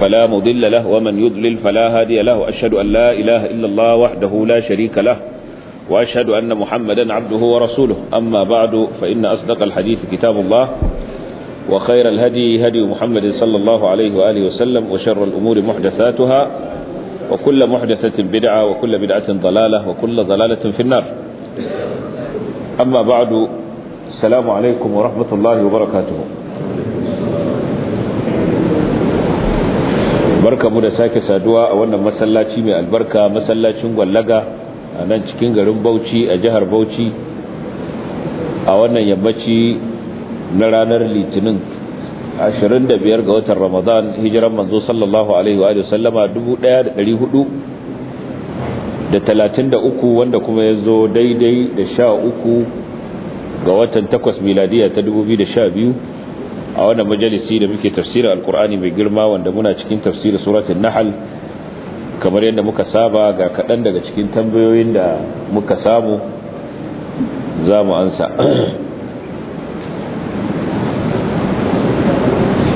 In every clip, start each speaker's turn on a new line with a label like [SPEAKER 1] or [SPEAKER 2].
[SPEAKER 1] فلا مضل له ومن يضلل فلا هادي له أشهد أن لا إله إلا الله وحده لا شريك له وأشهد أن محمدا عبده ورسوله أما بعد فإن أصدق الحديث كتاب الله وخير الهدي هدي محمد صلى الله عليه وآله وسلم وشر الأمور محدثاتها وكل محدثة بدعة وكل بدعة ضلالة وكل ضلالة في النار أما بعد السلام عليكم ورحمة الله وبركاته mu da sake saduwa a wannan masallaci mai albarka masallacin gwallaga a nan cikin garin bauchi a jihar bauchi a wannan yammaci na ranar litinin 25 ga watan ramadan hijiran manzo sallallahu alaihi wa sallama 1433 wanda kuma ya zo daidai da 13 ga watan 8 miladiya ta 2012 a wannan majalisi da muke tafsirin alkur'ani mai girma wanda muna cikin tafsirin suratul nahl kamar yadda muka saba ga kaɗan daga cikin tambayoyin da muka samu za mu ansa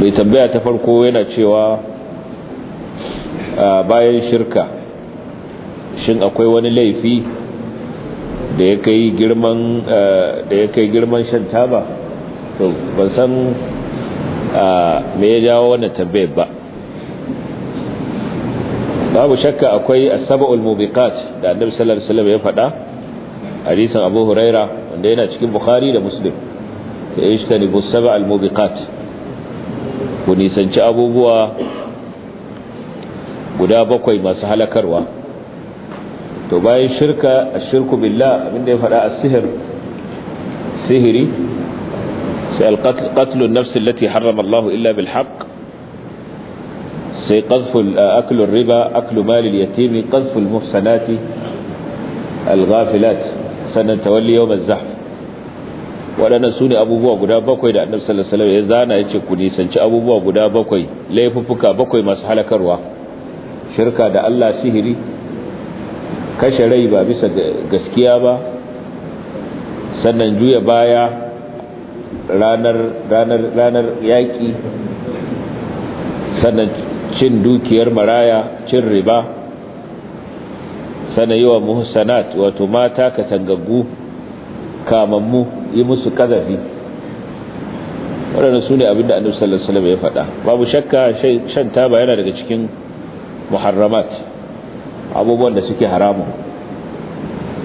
[SPEAKER 1] mai tambaya ta farko yana cewa bayan shirka shin akwai wani laifi da ya kai girman shan taba ban san me ya jawo wannan tambayar ba babu shakka akwai as mubiqat da annabi sallallahu alaihi wasallam ya faɗa hadisin Abu Huraira wanda yana cikin Bukhari da Muslim ya ishtanibu bu sab'al mubiqat ku nisanci abubuwa guda bakwai masu halakarwa to bayan shirka ashirku billah abinda ya faɗa as-sihr sihiri sai alƙatlun nafsin lati harrama Allah illa bil haqq sai qazful aklur riba aklu malil yatimi qazful muhsanati al ghafilat sannan tawalli yawm az-zahf waɗannan su ne abubuwa guda bakwai da annabi sallallahu alaihi wasallam ya zana yace ku nisanci abubuwa guda bakwai laifuffuka bakwai masu halakarwa shirka da Allah sihiri kashe rai ba bisa gaskiya ba sannan juya baya ranar ranar yaƙi sannan cin dukiyar maraya cin riba sannan yi wa muhsanat wato mata ka katangaggu kamammu yi musu kazafi waɗanda sune abinda annabi sallallahu alaihi wasallam ya faɗa babu shakka shan taba yana daga cikin muharramat abubuwan da suke haramun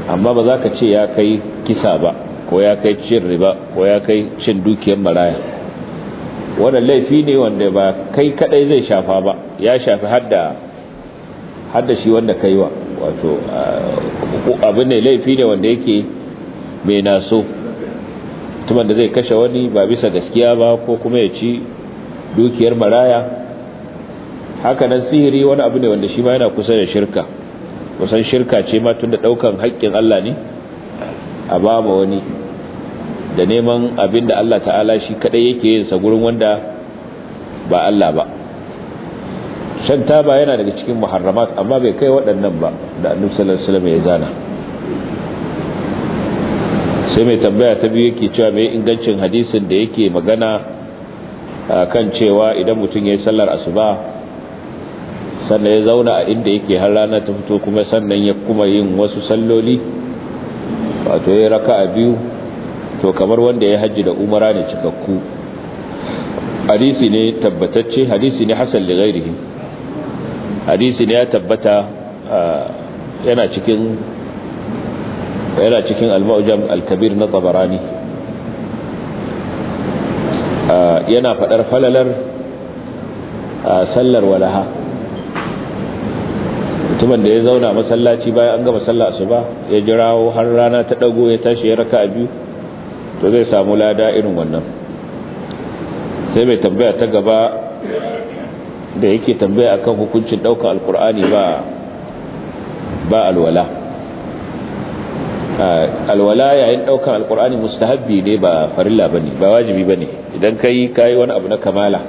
[SPEAKER 1] amma ba za ka ce ya kai kisa ba ko ya kai cin riba ko ya kai cin dukiyar maraya wannan laifi ne wanda ba kai kadai zai shafa ba ya shafi hadda hadda shi wanda wa wato abu ne laifi ne wanda yake mai naso mutumin da zai kashe wani ba bisa gaskiya ba ko kuma ya ci dukiyar maraya haka nan sihiri wani abu ne wanda shi ma yana kusa da shirka kusan shirka ce ma tun da daukan haƙƙin Allah ne a ba ma wani da neman abin da Allah ta'ala shi kadai yake yin sa gurin wanda ba Allah ba shan taba yana daga cikin muharramat amma bai kai waɗannan ba da annabi sallallahu alaihi ya zana sai mai tambaya ta biyu yake cewa mai ingancin hadisin da yake magana kan cewa idan mutum ya yi sallar asuba sannan ya zauna a inda yake har rana ta fito kuma sannan ya kuma yin wasu salloli wato ya a biyu to kamar wanda ya hajji da umara ne cikakku hadisi ne tabbatacce hadisi ne hasan da ghairihi hadisi ne ya tabbata yana cikin yana cikin al al-kabir na tabarani yana fadar falalar sallar walaha mutumin da ya zauna masallaci bayan an gama sallah asuba ya jirawo har rana ta dago ya tashi ya raka a biyu to zai samu lada irin wannan sai mai tambaya ta gaba da yake tambaya akan hukuncin daukar alkur'ani ba ba alwala alwala yayin daukar alkur'ani mustahabbi ne ba farilla bane ba wajibi bane idan kai kai wani abu na kamala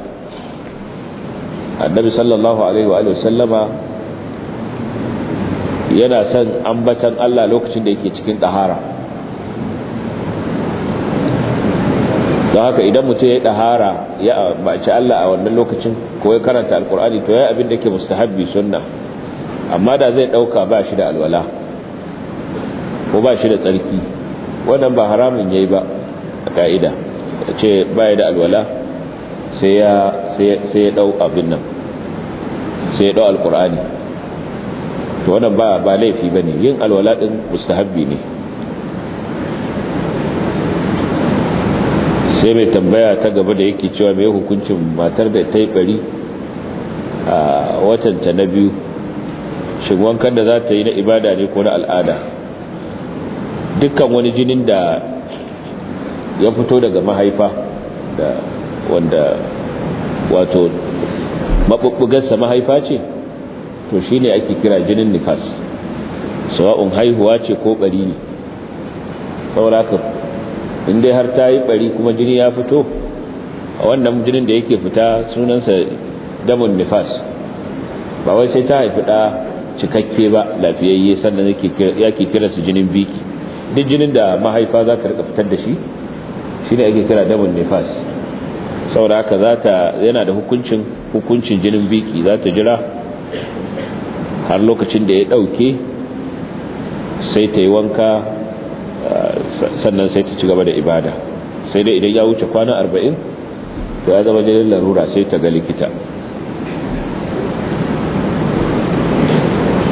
[SPEAKER 1] annabi sallallahu alaihi wa sallama yana son ambatan Allah lokacin da yake cikin ɗahara don haka idan mutum ya ɗahara ya baci Allah a wannan lokacin ko ya karanta alkur'ani to ya yi abin da ke mustahabbi sunna amma da zai ɗauka ba shi da alwala ko ba shi da tsarki wannan ba haramun ya yi ba a ka'ida ce ba da alwala sai ya dau abin nan sai ya dau alkur'ani to wannan ba ba laifi bane yin alwala din mustahabbi ne sai mai tambaya ta gaba da yake cewa mai hukuncin matar da ta yi bari a watanta na biyu shin wankan da za ta yi na ibada ne ko na al'ada dukkan wani jinin da ya fito daga mahaifa da wanda wato mabubbugarsa mahaifa ce to shi ne ake kira jinin nikas sawa'un haihuwa ce ko bari ne sauraka inda in dai har ta yi bari kuma jini ya fito a wannan jinin da yake fita sunansa damun nifas ba wai sai ta haifi ɗa cikakke ba lafiyayye sannan ya ke kira su jinin biki duk jinin da mahaifa za ka rika fitar da shi shi ne ake kira damun nifas saboda haka yana da hukuncin hukuncin jinin biki za ta jira har lokacin da ya ɗauke sai ta yi wanka eh, sannan sai ta ci gaba da ibada sai dai idan ya wuce kwana arba'in to ya zama jirin larura sai ta ga likita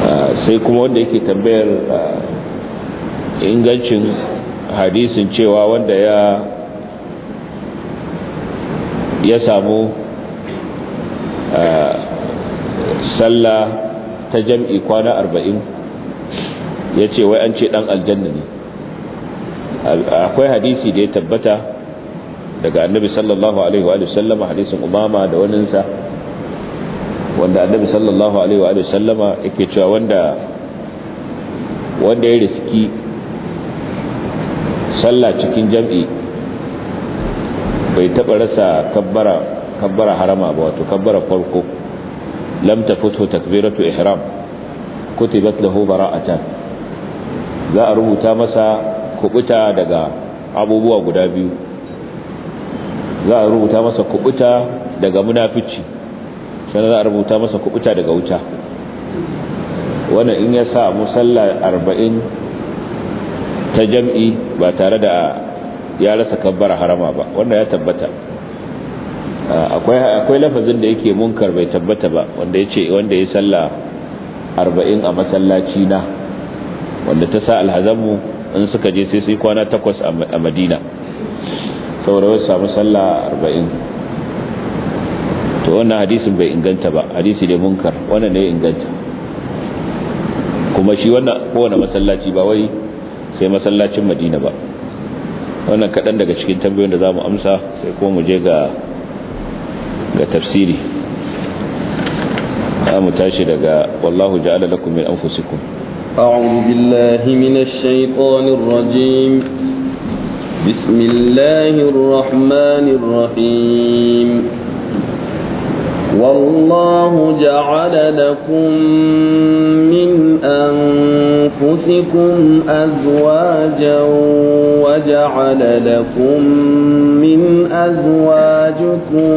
[SPEAKER 1] eh, sai kuma wanda yake tambayar eh, ingancin hadisin cewa wanda ya ya samu sallah ta jam'i kwana arba'in ya ce wai an ce ɗan aljanna ne akwai hadisi da ya tabbata daga annabi sallallahu alaihi wa sallama hadisin umama da waninsa wanda annabi sallallahu alaihi wa sallama yake cewa wanda wanda ya riski sallah cikin jam'i bai taɓa rasa kabbara harama ba wato kabbara farko Lamta tafuthu takbiratu ihram kutibat lahu bara'atan za a rubuta masa kubuta daga abubuwa guda biyu za a rubuta masa kubuta daga munafici sannan za rubuta masa kubuta daga wuta wannan in ya sa musalla arba'in ta jam'i ba tare da ya rasa kabbara harama ba wanda ya tabbata akwai lafazin da yake munkar bai tabbata ba wanda ya ce wanda ya salla arba'in a masallaci na wanda ta sa alhazanmu in suka je sai sai kwana takwas a madina saboda wasu samu salla arba'in to wannan hadisin bai inganta ba hadisi ne munkar wannan ne inganta kuma shi wannan kowane masallaci ba wai sai masallacin madina ba wannan kaɗan daga cikin tambayoyin da za mu amsa sai ko mu je ga ga tafsiri mu tashi daga wallahu ja'ala lakum min anfusikum
[SPEAKER 2] a'udhu billahi minash shaitanir rajim bismillahir rahmanir rahim والله جعل لكم من أنفسكم أزواجا وجعل لكم من أزواجكم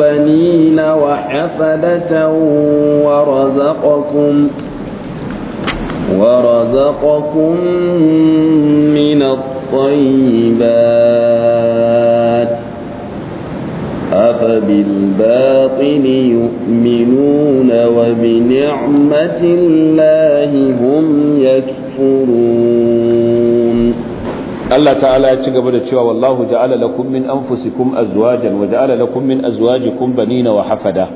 [SPEAKER 2] بنين وحفدة ورزقكم ورزقكم من الطيبات أفبالباب الباطل يؤمنون وبنعمة الله هم يكفرون الله تعالى يتقبل بالتشوى
[SPEAKER 1] والله جعل لكم من أنفسكم أزواجا وجعل لكم من أزواجكم بنين وحفدا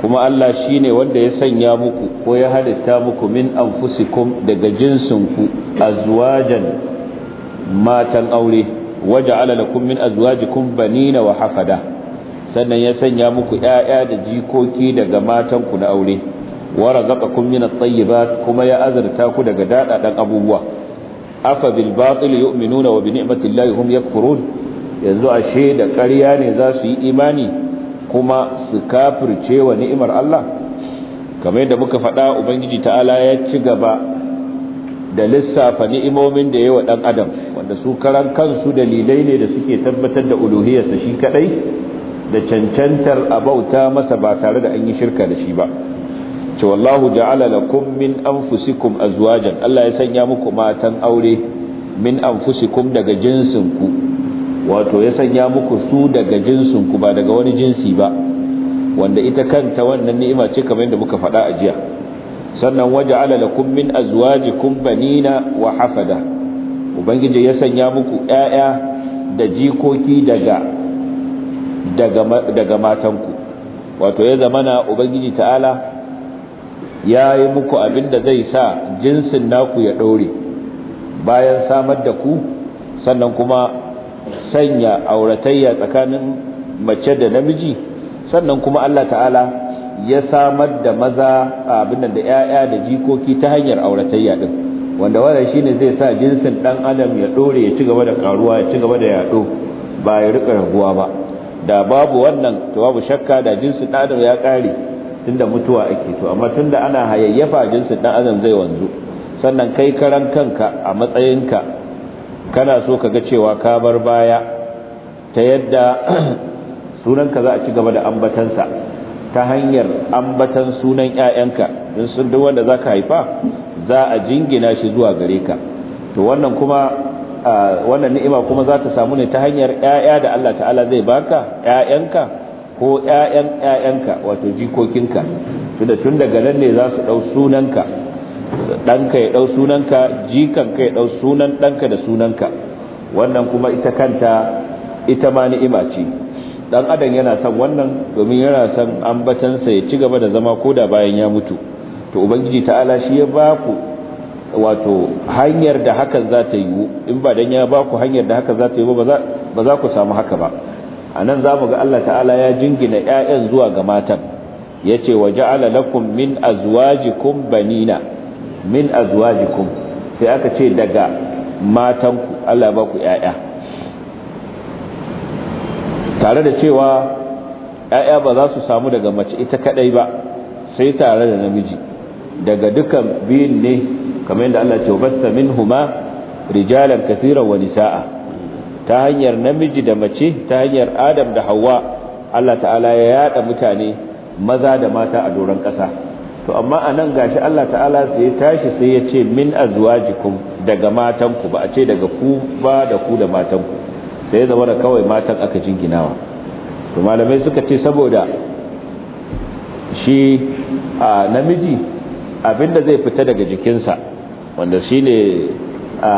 [SPEAKER 1] kuma Allah shi ne wanda ya sanya muku ko ya halitta muku min anfusikum daga jinsinku azwajan matan aure waje alalakum min azwajikum banina wa hafada sannan ya sanya muku yaya da jikoki daga matanku na aure wa razaqakum min at-tayyibat kuma ya azurta ku daga daɗaɗen abubuwa afa bil batil yu'minuna wa bi ni'mati llahi hum yakfurun yanzu ashe da ƙarya ne za su yi imani kuma su kafirce wa ni'imar Allah kamar yadda muka faɗa ubangiji ta'ala ya ci gaba da lissafa ni'imomin da yawa dan adam wanda su karan kansu dalilai ne da suke tabbatar da uluhiyarsa shi kaɗai? da cancantar a bauta masa ba tare da an yi shirka da shi ba ce wallahu ja'ala lakum min anfusikum azwajan Allah ya sanya muku matan aure min anfusikum daga jinsin ku. wato ya sanya muku su daga jinsin ku ba daga wani jinsi ba wanda ita kanta wannan ni'ima ce kamar yadda muka faɗa a jiya sannan waja'ala lakum min azwajikum banina wa hafada ubangiji ya sanya muku ƴaƴa da jikoki daga daga matanku wato ya zamana ubangiji ta'ala ya yi muku abin da zai sa jinsin naku ya ɗore bayan samar da ku sannan kuma sanya auratayya tsakanin mace da namiji sannan kuma Allah ta'ala ya samar da maza abin da 'ya'ya da jikoki ta hanyar auratayya din wanda wannan shine zai sa jinsin dan adam ya dore ya ci gaba da karuwa ya ci gaba da yado ba ya rika raguwa ba da babu wannan to babu shakka da jinsin ɗan adam ya ƙare tunda mutuwa ake to amma tunda ana hayayyafa jinsin ɗan adam zai wanzu sannan kai karan kanka a matsayinka kana so ka ga cewa ka bar baya ta yadda sunanka za a ci gaba da ambatansa ta hanyar ambatan sunan 'ya'yanka don sun duk wanda za haifa za a jingina shi zuwa gare ka to wannan kuma wannan ni'ima kuma za ta samu ne ta hanyar 'ya'ya da Allah ta'ala zai baka 'ya'yanka ko ƴaƴan ƴaƴanka wato jikokinka tunda tun daga nan ne za su dau sunanka ɗanka ya dau sunanka jikanka ya dau sunan ɗanka da sunanka wannan kuma ita kanta ita ma ni'ima ce dan adam yana son wannan domin yana son ambatansa ya ci gaba da zama koda bayan ya mutu to ubangiji ta'ala shi ya ba ku wato hanyar da hakan za ta yiwu in ba dan ya ba ku hanyar da haka za ta yiwu ba za ku samu haka ba a nan za mu ga Allah ta'ala ya jingina 'ya'yan zuwa ga matan ya ce wa ja'ala lakum min azwajikum banina min azwajikum sai aka ce daga matanku Allah ba ku 'ya'ya tare da cewa 'ya'ya ba za su samu daga mace ita kadai ba sai tare da namiji daga dukan biyun ne kamar yadda Allah ce basta minhuma rijalan kasiran wa nisaa ta hanyar namiji da mace ta hanyar Adam da hawa Allah ta'ala ya yada mutane maza da mata a doron kasa to amma anan gashi Allah ta'ala sai ya tashi sai ya ce min azwajikum daga matanku ba a ce daga ku ba da ku da matanku sai ya zama da kawai matan aka jinginawa to malamai suka ce saboda shi a namiji abinda zai fita daga jikinsa wanda shi ne a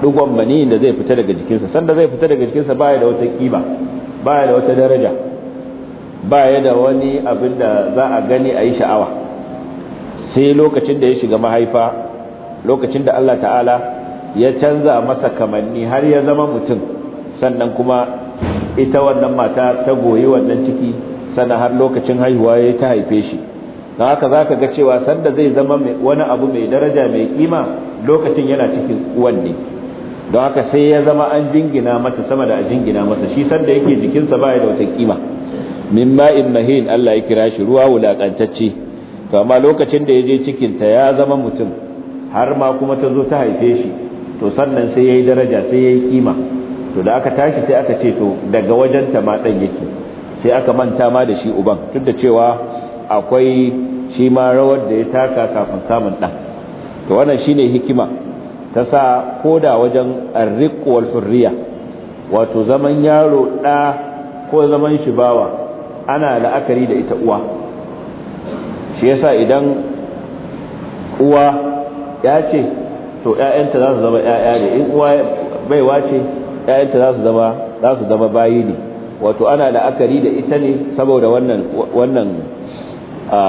[SPEAKER 1] dugon mani da zai fita daga jikinsa sanda zai fita daga jikinsa baya da wata kiba baya da wata daraja baya da wani abin da za a gani a yi sha'awa sai lokacin da ya shiga mahaifa lokacin da Allah ta'ala ya canza masa kamanni har ya zama mutum sannan kuma ita wannan mata ta goyi wannan ciki sannan har lokacin haihuwa ya ta haife shi don haka za ka ga cewa sanda zai zama wani abu mai daraja mai kima lokacin yana cikin uwan ne don haka sai ya zama an jingina mata sama da a jingina masa shi sanda yake jikinsa baya da wata kima min ma'in mahin Allah ya kira shi ruwa wulakantacce to amma lokacin da ya je cikinta ya zama mutum har ma kuma ta zo ta haife shi to sannan sai ya yi daraja sai ya yi kima to da aka tashi sai aka ce to daga wajenta ma ɗan yake sai aka manta ma da shi uban duk da cewa akwai shi ma rawar da ya taka kafin samun ɗan to wannan shine hikima ta sa koda wajen arrikuwar surriya wato zaman yaro ɗa ko zaman shi bawa ana la'akari da ita uwa shi yasa idan uwa ya ce to 'ya'yanta za su zama 'ya'ya ne in uwa baiwa ce 'ya'yanta za su zama za su zama bayi ne wato ana la'akari da ita ne saboda wannan wannan a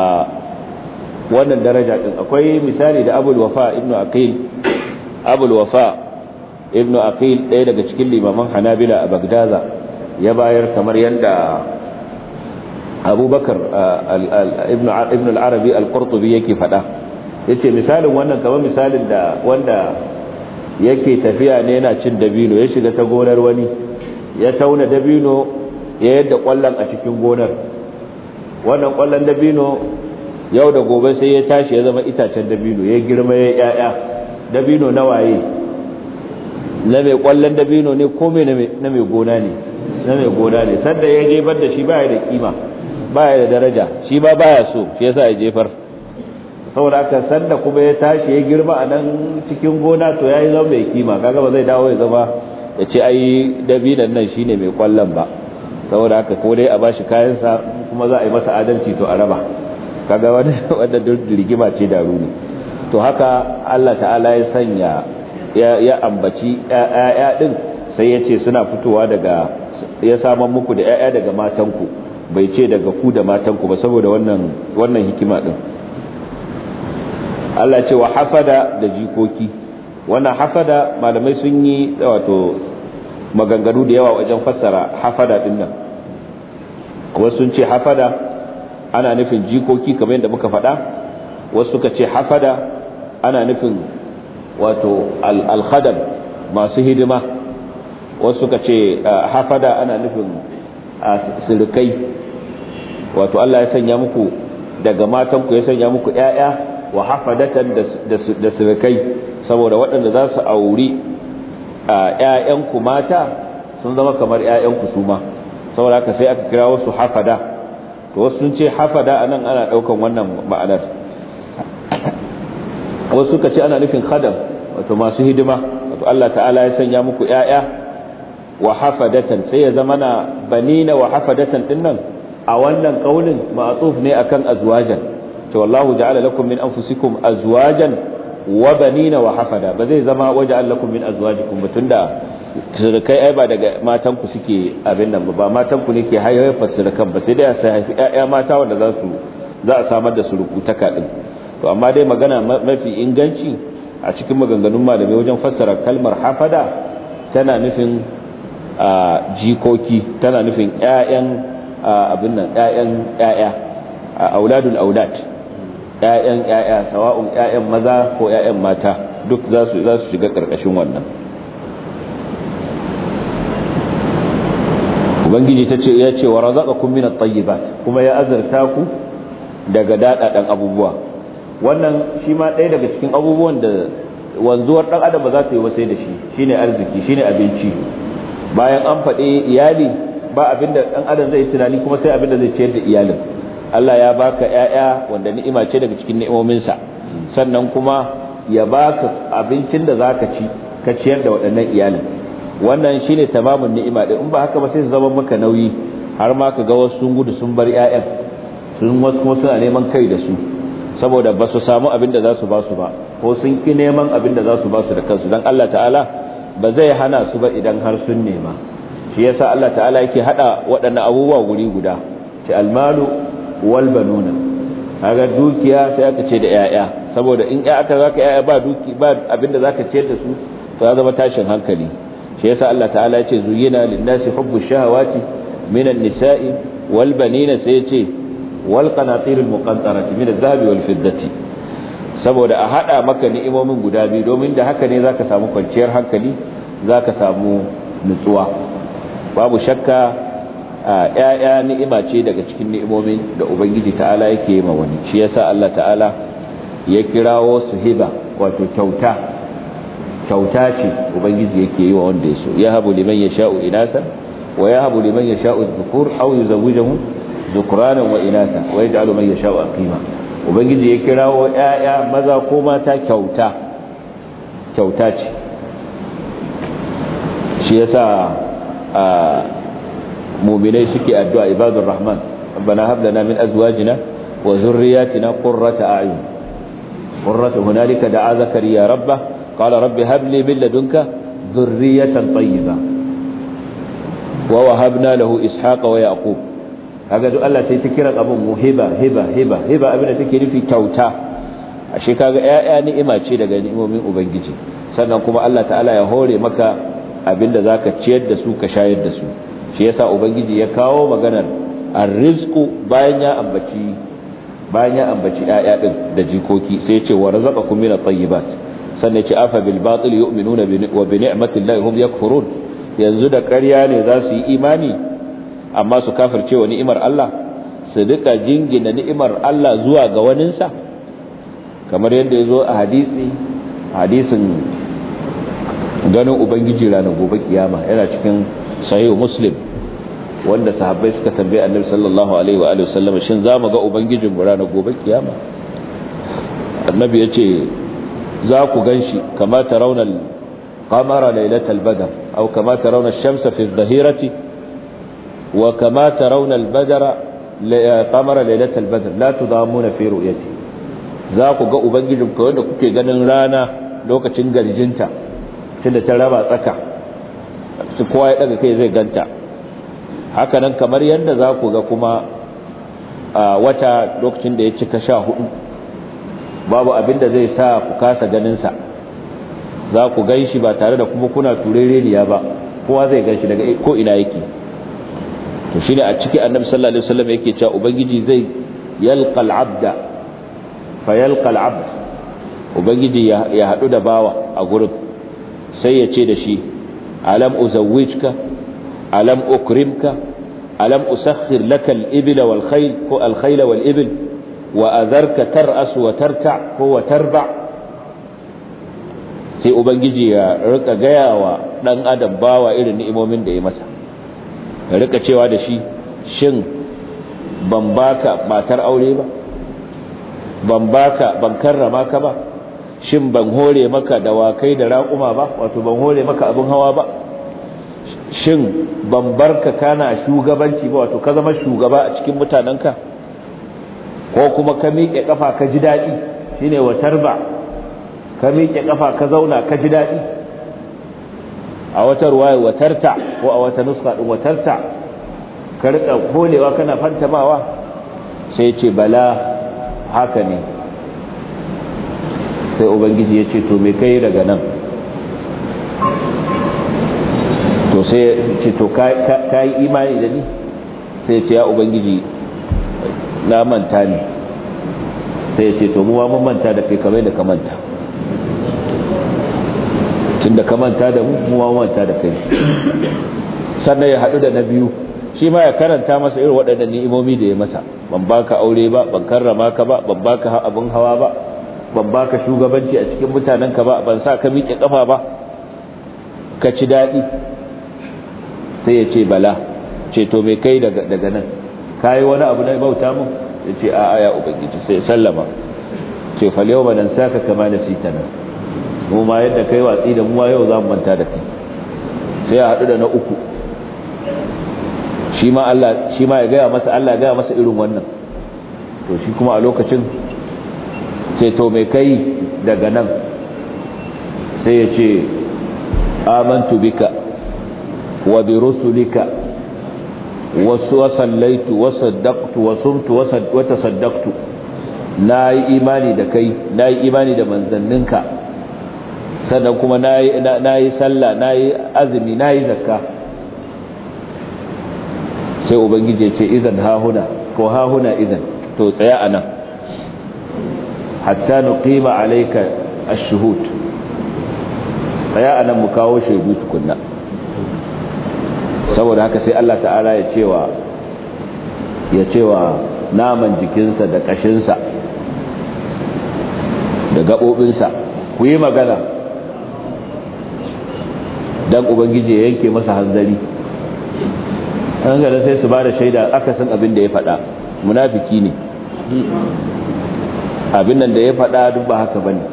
[SPEAKER 1] wannan daraja din akwai misali da abul wafa ibnu aqil abul wafa ibnu aqil ɗaya daga cikin limaman hanabila a bagdaza ya bayar kamar yadda abubakar Ibnu al-arabi al-qurtubi yake fada yace misalin wannan kamar misalin da wanda yake tafiya ne yana cin dabino ya shiga ta gonar wani ya tauna dabino ya yadda kwallon a cikin gonar wannan kwallon dabino yau da gobe sai ya tashi ya zama itacen dabino ya girma ya yaya dabino na waye na mai kwallon dabino ne ko mai na mai gona ne na mai gona ne sanda ya jefar da shi baya da kima baya da daraja shi ba baya so shi yasa ya jefar saboda haka sanda kuma ya tashi ya girma a nan cikin gona to yayi zama mai kima kaga ba zai dawo ya zama ya ce ai dabinan nan shine mai kwallon ba saboda aka ko dai a bashi kayansa kuma za a yi masa adalci to a raba kaga wadda rigima ce da ruri to haka Allah ta'ala ya sanya ya ambaci ƴaƴa din sai ya ce suna fitowa daga ya saman muku da yaya daga matanku bai ce daga ku da matanku ba saboda wannan wannan hikima din Allah ce wa hafada da jikoki wannan hafada malamai sun yi wato maganganu da yawa wajen fassara hafada din wasu sun ce hafada ana nufin jikoki kamar yadda muka faɗa wasu suka ce hafada ana nufin wato alhadar masu hidima wasu suka ce hafada ana nufin sirikai wato Allah ya sanya muku daga matanku ya sanya muku ‘ya'ya wa hafadatan da sirikai saboda waɗanda za su auri ‘ya'yanku mata sun zama kamar ‘ya'yanku su ma’ saboda haka sai aka kira wasu hafada to wasu sun ce hafada anan ana daukan wannan ma'anar wasu suka ce ana nufin khadam wato masu hidima wato Allah ta'ala ya sanya muku ƴaƴa wa hafadatan sai ya zama na banina wa hafadatan dinnan a wannan kaulin ma'tuf ne akan azwajan to wallahu ja'ala lakum min anfusikum azwajan wa banina wa hafada ba zai zama waja'al lakum min azwajikum tunda surukai ai ba daga matanku suke abin nan ba matanku ne ke haifar surukan ba sai dai a haifi ƴaƴa mata wanda za su za a samar da ta din to amma dai magana mafi inganci a cikin maganganun malamai wajen fassara kalmar hafada tana nufin jikoki tana nufin ƴaƴan abin nan ƴaƴan ƴaƴa auladul aulad ƴaƴan ƴaƴa sawa'un ƴaƴan maza ko ƴaƴan mata duk za su za su shiga karkashin wannan ubangiji ta ce ya ce wa razaqakum min at-tayyibat kuma ya azarta ku daga daɗaɗen abubuwa wannan shi ma ɗaya daga cikin abubuwan da wanzuwar dan adam ba za ta yi wasai da shi shine arziki shine abinci bayan an faɗi iyali ba abinda dan adam zai tunani kuma sai abinda zai ciyar da iyalin Allah ya baka yaya wanda ni'ima ce daga cikin ni'imominsa sannan kuma ya baka abincin da zaka ci ka ciyar da waɗannan iyalin wannan shine tamamin ni'ima din in ba haka ba sai su zama maka nauyi har ma ka ga wasu sun gudu sun bar ƴaƴan sun wasu kuma suna neman kai da su saboda ba su samu abin da za su ba su ba ko sun ki neman abin da za su ba su da kansu dan Allah ta'ala ba zai hana su ba idan har sun nema shi yasa Allah ta'ala yake hada waɗannan abubuwa guri guda ce almalu wal banuna kaga dukiya sai aka ce da yaya saboda in ya aka zaka yaya ba duki ba abin da zaka ce da su to ya zama tashin hankali shi yasa Allah ta'ala ya ce zuyina linnasi nasi hubbu shahawati minan nisa'i wal banina sai ya ce wal qanatir al-muqantarati min adh-dhahabi wal fiddati saboda a hada maka ni'imomin guda biyu domin da haka ne zaka samu kwanciyar hankali zaka samu nutsuwa babu shakka ‘ya'ya ni'ima ce daga cikin ni'imomin da Ubangiji ta'ala yake ma wani, shi yasa Allah ta'ala ya kirawo su hiba wato kyauta kyauta ce ubangiji yake yi wa wanda ya so ya habu liman ya sha'u inasa wa ya habu liman ya sha'u dhukur aw yuzawwijuhum dhukranan wa inasa wa yaj'alu man ya sha'u a kima ubangiji ya wa ƴaƴa maza ko mata kyauta kyauta ce shi yasa mu'minai suke addu'a ibadur rahman rabbana hab lana min azwajina wa dhurriyyatina qurrata a'yun qurrata hunalika da'a zakariya rabbah qala rabbi hab li min ladunka dhurriyatan tayyiba wa wahabna lahu ishaqa wa yaqub kaga duk Allah sai ta kiran abun muhiba hiba hiba hiba abin da take nufi kyauta ashe kaga ƴaƴa ni'ima ce daga ni'imomin ubangiji sannan kuma Allah ta'ala ya hore maka abinda zaka ciyar da su ka shayar da su shi yasa ubangiji ya kawo maganar arrizqu bayan ya ambaci bayan ya ambaci ƴaƴa din da jikoki sai ya ce wa razaqakum min at-tayyibat sannan afa bil batil yu'minuna wa bi llahi hum yakfurun yanzu da ƙarya ne za su yi imani amma su kafirce wa ni'imar Allah su duka jingina ni'imar Allah zuwa ga waninsa kamar yadda ya zo a hadisi hadisin ganin ubangiji ranar gobe kiyama yana cikin sahihu muslim wanda sahabbai suka tambaye annabi sallallahu alaihi wa alihi wasallam shin za mu ga ubangijin mu ranar gobe kiyama annabi yace za ku ganshi kama tarawna al-qamara laylatal badar au kama tarawna ash-shamsa fi adh wa kama tarawna al-badra eh, qamara badar badr la tudamuna fi ru'yati za ku ga ubangijin ku wanda kuke ganin rana lokacin garjinta tunda ta raba tsaka kowa ya daga kai zai ganta hakanan kamar yadda za ku ga kuma a ah, wata lokacin da ya cika sha hudu babu abin da zai sa ku kasa ganinsa za ku gaishi ba tare da kuma kuna turereniya ba kowa zai gan daga ko ina yake to shi ne a ciki annabi sallallahu alaihi wasallam yake cewa ubangiji zai yalqa al fa yalqa ubangiji ya hadu da bawa a gurin sai ya ce da shi alam uzawwijka alam ukrimka alam usakhkhir laka al-ibla wal khayl ko al-khayla wal ibl wa azarka tar'asu wa tarta ko wa tarba sai ubangiji ya rika gaya wa dan adam bawa irin ni'imomin da ya masa ya rika cewa da shi shin ban baka matar aure ba ban baka ban karrama ka ba shin ban hore maka dawakai da raƙuma ba wato ban hore maka abin hawa ba shin ban barka kana shugabanci ba wato ka zama shugaba a cikin mutanenka ko kuma ka miƙe kafa ka ji daɗi shine watar ba ka miƙe kafa ka zauna ka ji daɗi a watar waye watar ta ko a wata nuska din watar ta ka rika kolewa kana fantamawa sai ce bala haka ne sai ubangiji ya ce to me kai daga nan to sai ce to ka yi imani da ni sai ce ya ubangiji na manta ne sai ya ce to mu mun manta da kai kamar da ka manta tun da ka manta da mu mu manta da kai sannan ya haɗu da na biyu shi ma ya karanta masa irin waɗannan ni'imomi da ya masa ban baka aure ba ban karrama ka ba ban baka abin hawa ba ban baka shugabanci a cikin mutanen ka ba ban sa ka miƙe ƙafa ba ka ci daɗi sai ya ce bala ce to mai kai daga nan kayi wani abu na bauta mun yace a ya ubangiji sai sallama ce fal yawma nansaka kama nasitana mu ma yadda kai watsi da mu ma yau za mu manta da kai sai ya hadu da na uku shi ma Allah shi ma ya gaya masa Allah ya gaya masa irin wannan to shi kuma a lokacin sai to me kai daga nan sai ya ce amantu bika wa bi rusulika wasu wasallaitu wasaddaqtu wasumtu na nayi imani da kai nayi imani da manzanninka sannan kuma nayi nayi sallah nayi azumi nayi zakka sai ubangiji ya ce idan hahuna ko hahuna idan to tsaya anan hatta nuqima alayka ashuhut tsaya anan mu kawo shaidu tukunna saboda haka sai Allah ta'ala ya cewa ya cewa naman jikinsa da kashinsa da gaɓoɓinsa ku yi magana don ubangiji ya yanke masa hanzari hanzari sai su ba da shaida akasin abin da ya faɗa munafiki ne abin nan da ya faɗa duk ba haka bane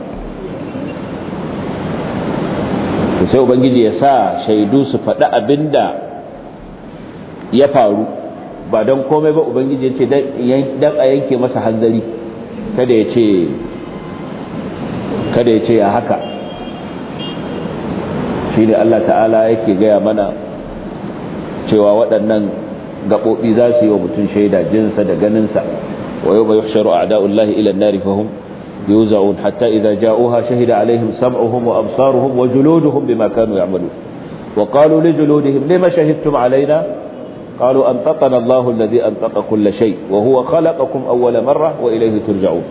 [SPEAKER 1] ne sai ubangiji ya sa shaidu su faɗa abin da ya faru ba don komai ba ubangiji ya ce dan a yanke masa hanzari kada ya ce kada ya ce a haka shi ne Allah ta'ala yake gaya mana cewa waɗannan gaɓoɓi za su yi wa mutum shaida jinsa da ganinsa wa yau ba yi a da'ullahi ilan nari fahim yuza'un hatta idan ja'uha shahida alaihim sam'uhum wa absaruhum wa juluduhum bima kanu ya'malu wa qalu li juludihim lima shahidtum alaina قالوا أنطقنا الله الذي أنطق كل شيء وهو خلقكم أول مرة وإليه ترجعون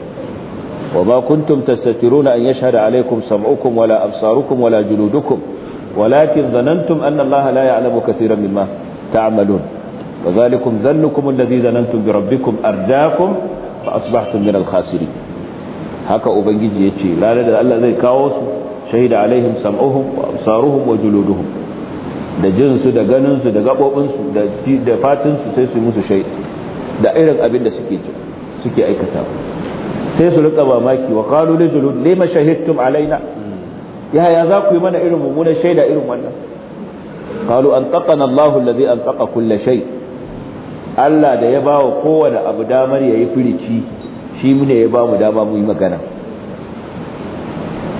[SPEAKER 1] وما كنتم تستترون أن يشهد عليكم سمعكم ولا أبصاركم ولا جلودكم ولكن ظننتم أن الله لا يعلم كثيرا مما تعملون وذلكم ذنكم الذي ظننتم بربكم أرداكم فأصبحتم من الخاسرين haka ubangiji ya ce ranar da Allah zai kawo su shahida alaihim sam'uhum wa absaruhum wa juluduhum da jinsu da ganinsu da gaɓoɓinsu da fatinsu sai su yi musu shaidu da irin abin da suke ji suke aikata sai su rika mamaki wa qalu da julud lima shahidtum alaina ya ya za ku yi mana irin mummunan shaida irin wannan Kalu an taqana Allah alladhi an taqa kulle shai. Allah da ya bawa kowane abu damar yayi firici shi ne ya ba mu dama mu yi magana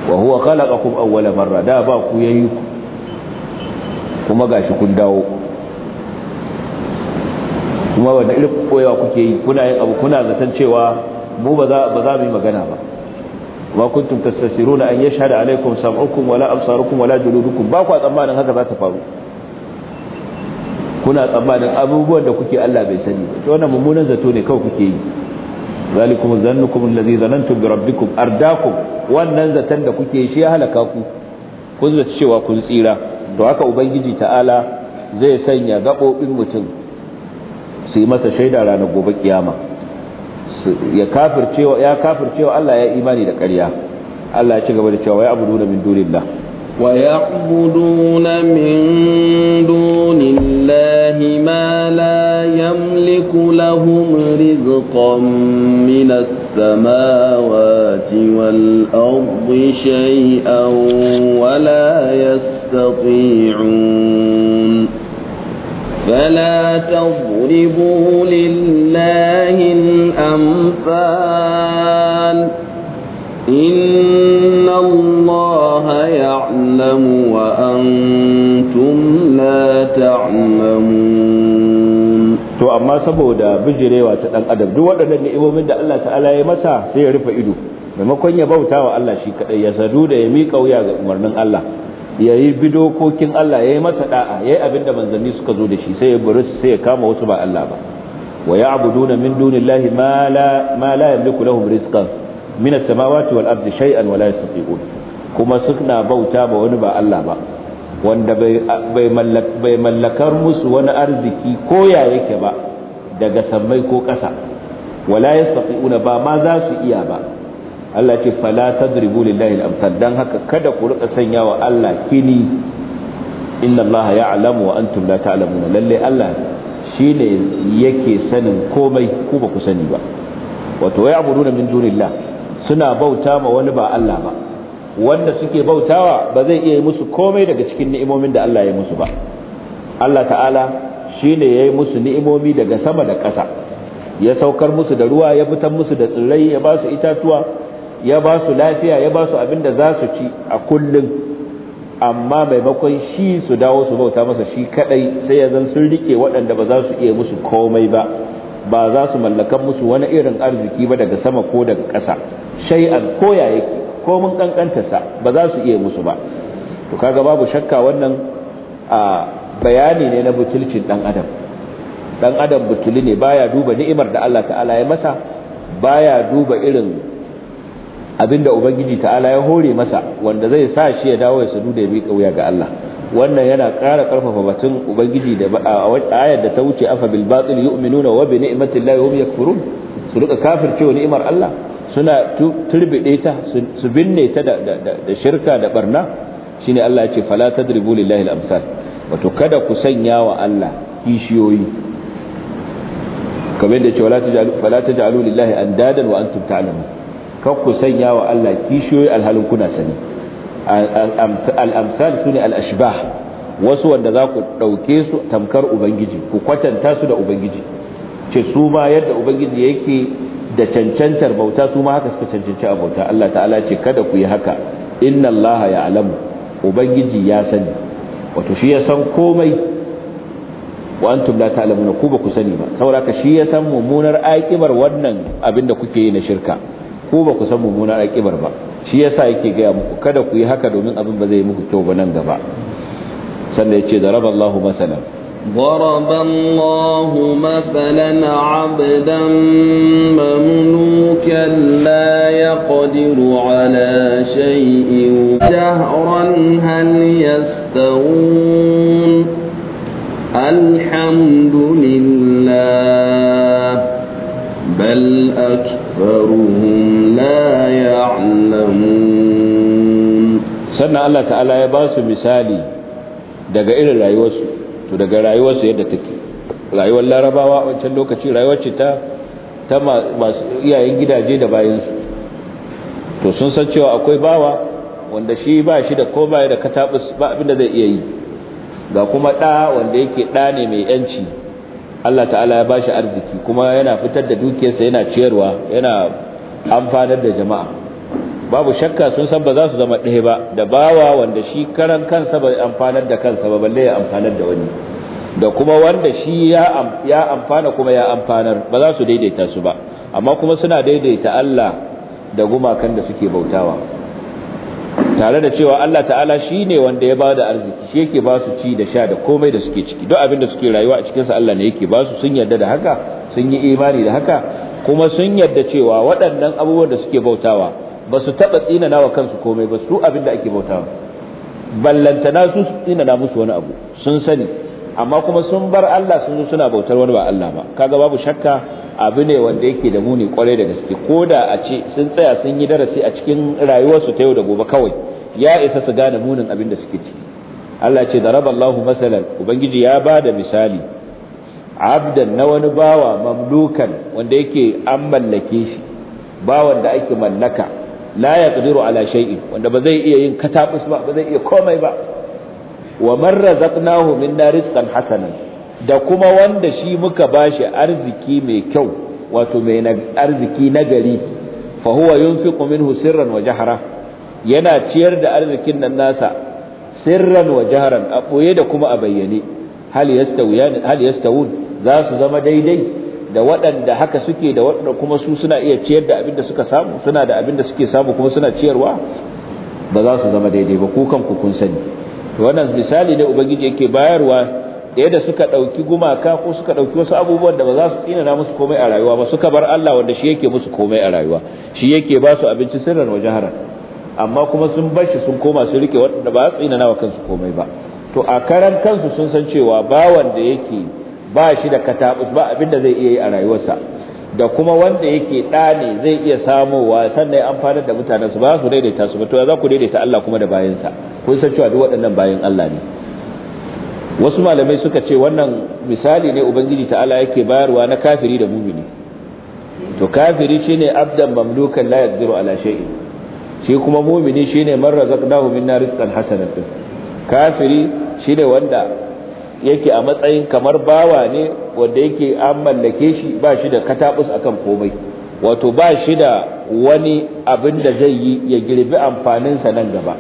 [SPEAKER 1] wa huwa khalaqakum awwala marra da ba ku yayi ku kuma ga shi kun dawo kuma wanda irin koyawa kuke yi kuna yin abu kuna zaton cewa mu ba za mu yi magana ba ma kuntum tastasiruna an yashhada alaikum sam'ukum wala absarukum wala juludukum ba ku tsammanin haka za ta faru kuna tsammanin abubuwan da kuke Allah bai sani to wannan mummunan zato ne kawai kuke yi zalikum zannukum allazi zanantum bi rabbikum ardakum wannan zaton da kuke shi ya halaka ku kun zaci cewa kun tsira to haka ubangiji ta'ala zai sanya gaɓoɓin mutum su yi masa shaida ranar gobe kiyama ya kafircewa ya kafircewa Allah ya imani da ƙarya Allah ya ci gaba da cewa ya abudu min dunillah
[SPEAKER 2] wa ya'buduna min dunillahi ma la yamliku lahum rizqan min as-samawati wal ardi shay'an wa la yas تستطيعون فلا تضربوا لله الأمثال إن الله يعلم وأنتم لا تعلمون to amma saboda bijirewa ta dan adam duk
[SPEAKER 1] waɗannan ni'imomin da Allah ta'ala ya masa sai ya rufe ido maimakon ya bauta wa Allah shi kadai ya sadu da ya miƙa wuya ga umarnin Allah ya yi bi dokokin Allah ya yi masa da'a ya yi abin da manzanni suka zo da shi sai ya bari sai ya kama wasu ba Allah ba wa ya'buduna min dunillahi ma la ma la lahum rizqan min as-samawati wal ardi shay'an wa la yastati'un kuma suna bauta ba wani ba Allah ba wanda bai bai mallakar musu wani arziki ko ya yake ba daga sammai ko ƙasa wala yastati'una ba ma za su iya ba Allah ce fala tadribu lillahi al-amsal dan haka kada ku rika sanya wa Allah kini inna Allah ya'lamu wa antum la ta'lamun lalle Allah shine yake sanin komai ku ba ku sani ba wato ya'buduna min dunillah suna bauta ma wani ba Allah ba wanda suke bautawa ba zai iya musu komai daga cikin ni'imomin da Allah ya musu ba Allah ta'ala shine yayi musu ni'imomi daga sama da ƙasa ya saukar musu da ruwa ya fitar musu da tsirrai ya ba su itatuwa ya ba su lafiya ya ba su abin da za su ci a kullum amma maimakon shi su dawo su bauta masa shi kadai sai ya zan sun rike waɗanda ba za su iya musu komai ba ba za su mallakan musu wani irin arziki ba daga sama ko daga ƙasa shay'an ko ya yake ko mun kankanta sa ba za su iya musu ba to kaga babu shakka wannan a bayani ne na butulcin dan adam dan adam butuli ne baya duba ni'imar da Allah ta'ala ya masa baya duba irin abinda ubangiji ta'ala ya hore masa wanda zai sa shi ya dawo ya da ya miƙa wuya ga Allah wannan yana ƙara ƙarfafa batun ubangiji da ayar da ta wuce afa bil batil yu'minuna wa bi ni'mati llahi hum yakfurun su rika kafircewa ni'imar Allah suna turbide ta su binne ta da shirka da barna shine Allah ya ce fala tadribu lillahi al-amsal wato kada ku sanya wa Allah kishiyoyi kamar da ce fala taj'alu lillahi andadan wa antum ta'lamun kan ku sanya wa Allah kishiyoyi alhalin kuna sani al'amsal su ne al'ashbah wasu wanda za ku ɗauke su tamkar ubangiji ku kwatanta su da ubangiji ce su ma yadda ubangiji yake da cancantar bauta su ma haka suka cancanci a bauta Allah ta'ala ce kada ku yi haka inna Allah ya alamu ubangiji ya sani wato shi ya san komai wa antum la ta'lamuna ku ba ku sani ba saboda shi ya san mummunar aƙibar wannan abin da kuke yi na shirka ko ba ku san mummunar akibar ba shi yasa yake gaya muku kada ku yi haka domin abin ba zai muku kyau ba nan gaba sannan yace da raballahu masalan
[SPEAKER 2] ضرب الله مثلا عبدا مملوكا لا يقدر على شيء جهرا هل يستوون الحمد لله بل أكثر أكثرهم لا يعلمون
[SPEAKER 1] سنة الله تعالى يباس مثالي daga irin rayuwarsu to daga rayuwarsu yadda take rayuwar larabawa a wancan lokaci rayuwar ce ta ta masu iyayen gidaje da bayansu to sun san cewa akwai bawa wanda shi ba shi da ko baya da katabus ba abinda zai iya yi ga kuma ɗa wanda yake ɗa ne mai yanci Allah ta'ala ya bashi arziki kuma yana fitar da dukiyarsa yana ciyarwa yana amfanar da jama'a babu shakka sun san ba za su zama ɗaya ba da bawa wanda shi karan kansa bai amfanar da kansa ba balle ya amfanar da wani da kuma wanda shi ya amfana kuma ya amfanar ba za su daidaita su ba amma kuma suna daidaita Allah da gumakan da suke bautawa tare da cewa Allah ta'ala shi ne wanda ya ba da arziki shi yake ba su ci da sha da komai da suke ciki duk abin da suke rayuwa a cikinsa Allah ne yake ba su sun yarda da haka sun yi imani da haka kuma sun yarda cewa waɗannan abubuwan da suke bautawa ba su taɓa tsinana wa kansu komai ba su abin da ake bautawa ballantana su tsinana musu wani abu sun sani amma kuma sun bar Allah sun zo suna bautar wani ba Allah ba kaga babu shakka abu ne wanda yake da muni kwarai da gaske ko da a ce sun tsaya sun yi darasi a cikin rayuwarsu ta yau da gobe kawai ya isa su gane munin abin da suke ciki Allah ce da raballahu masalan ubangiji ya ba da misali abdan na wani bawa mamlukan wanda yake an mallake shi bawan da ake mallaka la a ala shay'in wanda ba zai iya yin katabus ba ba zai iya komai ba wa man razaqnahu minna rizqan hasanan da kuma wanda shi muka bashi arziki mai kyau wato mai arziki nagari fa huwa yunfiqu minhu sirran wa jahra yana ciyar da arzikin nan nasa sirran wa jahran a boye da kuma a bayyane hal yastawiyan hal yastawun za su zama daidai da waɗanda haka suke da waɗanda kuma su suna iya ciyar da abin da suka samu suna da abin da suke samu kuma suna ciyarwa ba za su zama daidai ba ku kanku kun sani to wannan misali ne ubangiji yake bayarwa da yadda suka ɗauki gumaka ko suka ɗauki wasu abubuwan da ba za su tsinana musu komai a rayuwa ba suka bar Allah wanda shi yake musu komai a rayuwa shi yake ba su abinci sirran wa haram amma kuma sun bar shi sun koma su rike wanda ba za su na wa kansu komai ba to a karan kansu sun san cewa ba wanda yake ba shi da katabus ba abin da zai iya yi a rayuwarsa da kuma wanda yake ɗa ne zai iya samowa sannan amfanar da mutanensu ba su daidaita su ba to ya za ku daidaita Allah kuma da bayansa kun san cewa duk waɗannan bayan Allah ne wasu malamai suka ce wannan misali ne ubangiji ta'ala yake bayarwa na kafiri da mumini to kafiri shine abdan mamlukan la yaqdiru ala shay'in shi kuma mumini shine man razaqnahu minna rizqan hasanan kafiri shine wanda yake a matsayin kamar bawa ne wanda yake an mallake shi ba shi da katabus akan komai wato ba shi da wani abin da zai yi ya girbi amfaninsa nan gaba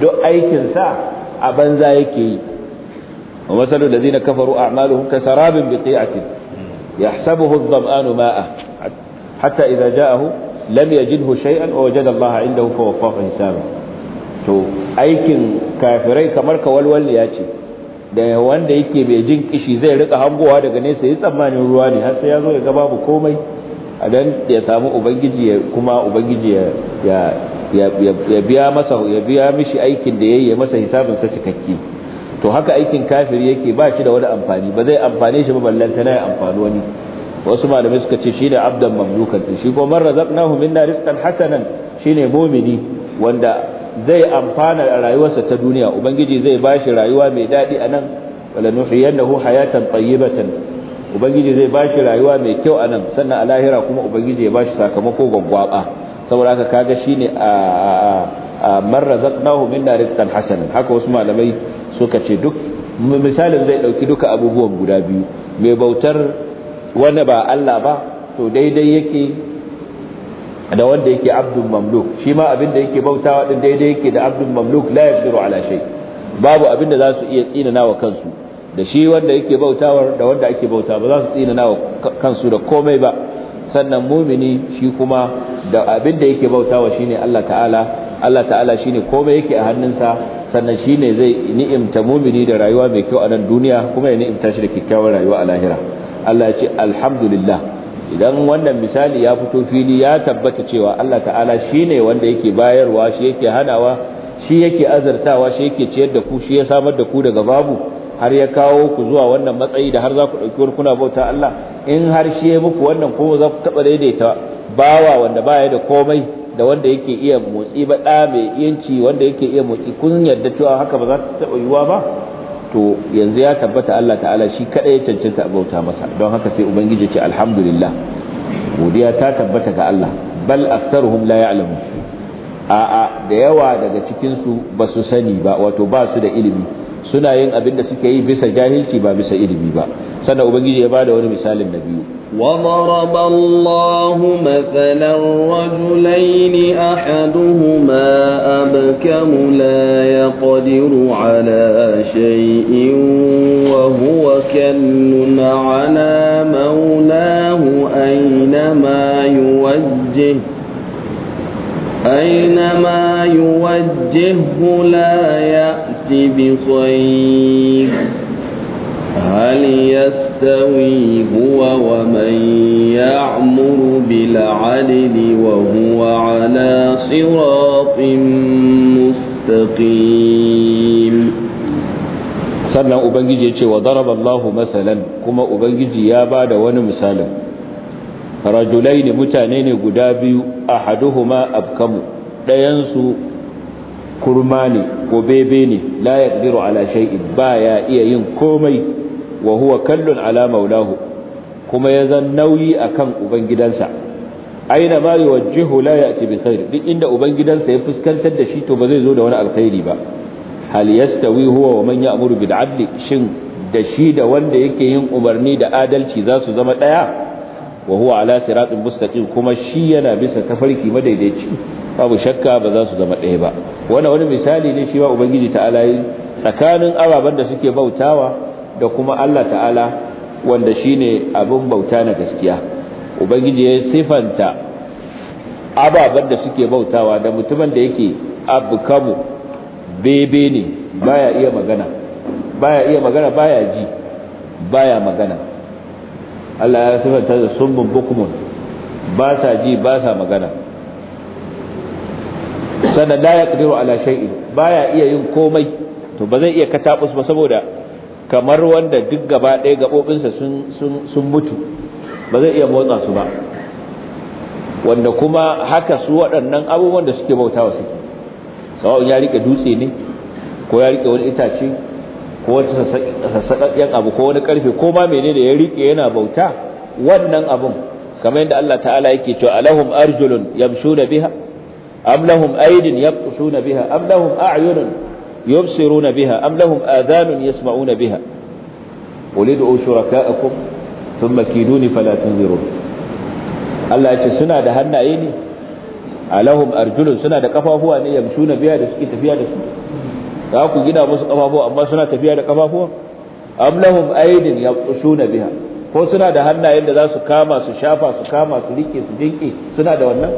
[SPEAKER 1] duk aikinsa a banza yake yi ومثل الذين كفروا أعمالهم كسراب بقيعة يحسبه الظمآن ماء حتى إذا جاءه لم يجده شيئا ووجد الله عنده فوفاه حسابه to aikin kafirai kamar ka ya ce da wanda yake bai jin kishi zai rika hangowa daga nesa yi tsammanin ruwa ne har sai ya zo ya ga babu komai a dan ya samu ubangiji kuma ubangiji ya biya masa ya biya mishi aikin da yayi ya masa hisabin sa cikakke to haka aikin kafiri yake ba shi da wani amfani ba zai amfane shi ba ballanta na amfani wani wasu malamai suka ce shi da abdan mamlukan shi ko man razaqnahu minna rizqan hasanan shine mu'mini wanda zai amfana a rayuwarsa ta duniya ubangiji zai bashi rayuwa mai dadi anan wala nuhiyannahu hayatan tayyibatan ubangiji zai bashi rayuwa mai kyau anan sannan a lahira kuma ubangiji ya bashi sakamako gwaggwaba saboda haka kaga shine a man razaqnahu minna rizqan hasanan haka wasu malamai suka ce duk misalin zai dauki duka abubuwan guda biyu mai bautar wanda ba Allah ba to daidai yake da wanda yake abdul mamluk shi ma abin da yake bautawa din daidai yake da abdul mamluk la yasiru ala shay babu abin da za su iya tsinana wa kansu da shi wanda yake bautawar da wanda ake bauta ba za su tsinana wa kansu da komai ba sannan mumini shi kuma da abin da yake bautawa shine Allah ta'ala Allah ta'ala shine komai yake a hannunsa sannan shi ne zai ni'imta mumini da rayuwa mai kyau a nan duniya kuma ya ni'imta shi da kyakkyawar rayuwa a lahira Allah ya ce alhamdulillah idan wannan misali ya fito fili ya tabbata cewa Allah ta'ala shi ne wanda yake bayarwa shi yake hanawa shi yake azartawa shi yake ciyar da ku shi ya samar da ku daga babu har ya kawo ku zuwa wannan matsayi da har za ku ɗauki wani kuna bauta Allah in har shi ya muku wannan ko za ku taɓa daidaita bawa wanda baya da komai da wanda yake iya motsi ba ɗa mai yanci wanda yake iya motsi kun yarda cewa haka ba za ta taɓa yiwuwa ba to yanzu ya tabbata Allah ta'ala shi kaɗai ya cancanta bauta masa don haka sai ubangiji ce alhamdulillah godiya ta tabbata ga Allah bal aktsaruhum la a a'a da yawa daga cikin su ba su sani ba wato ba su da ilimi suna yin abin da suke yi bisa jahilci ba bisa ilimi ba sannan ubangiji ya bada wani misalin na biyu
[SPEAKER 2] وضرب الله مثلا رجلين أحدهما أبكم لا يقدر على شيء وهو كل على مولاه أينما يوجه أينما يوجهه لا يأتي بخير هل يستوي هو ومن يعمر بالعدل وهو على صراط مستقيم sannan ubangiji ya ce wa daraballahu
[SPEAKER 1] masalan kuma ubangiji ya ba da wani misalin rajulai ne mutane ne guda biyu a haduhuma abkamu ɗayansu kurma ne ko bebe ne la ya ala shay'in ba ya iya yin komai wa huwa kallun ala maulahu kuma ya zan nauyi akan ubangidansa aina ma yuwajjihu la ya'ti bi khair duk inda ubangidansa ya fuskantar da shi to ba zai zo da wani alkhairi ba hal yastawi huwa wa man ya'muru bil adli shin da shi da wanda yake yin umarni da adalci za su zama daya wa huwa ala siratin mustaqim kuma shi yana bisa tafarki madaidaici babu shakka ba za su zama daya ba wannan wani misali ne shi ba ubangiji ta'ala yi tsakanin ababen da suke bautawa da kuma Allah ta'ala wanda shine abin bauta na gaskiya ubangiji ya sifanta ababen da suke bautawa da mutumin da yake abukamu bebe ne baya iya magana baya iya magana baya ji baya magana Allah ya sifanta da sumbun bukumun ba sa ji ba sa magana sannan la yaqdiru ala shay'in baya iya yin komai to ba zai iya katabus ba saboda kamar wanda duk gaba ɗaya gaɓoɓinsa sun mutu ba zai iya motsa su ba wanda kuma haka su waɗannan abubuwan da suke bautawa suke sawa'un ya rike dutse ne ko ya rike wani itace ko wata sassaƙaƙƙen abu ko wani ƙarfe ko ma da ya rike yana bauta wannan abun kamar yadda Allah ta'ala yake to alahum arjulun yamshuna biha am lahum aydin yabtusuna biha am lahum a'yunun يبصرون بها أم لهم آذان يسمعون بها قل ادعوا شركاءكم ثم كيدوني فلا تنذرون Allah ce suna da hannaye ne alahum suna da kafafuwa ne yamshuna biya da suke tafiya da su za ku gina musu kafafuwa amma suna tafiya da kafafuwa am ko suna da hannayen da za su kama su shafa su kama su rike su dinke suna da wannan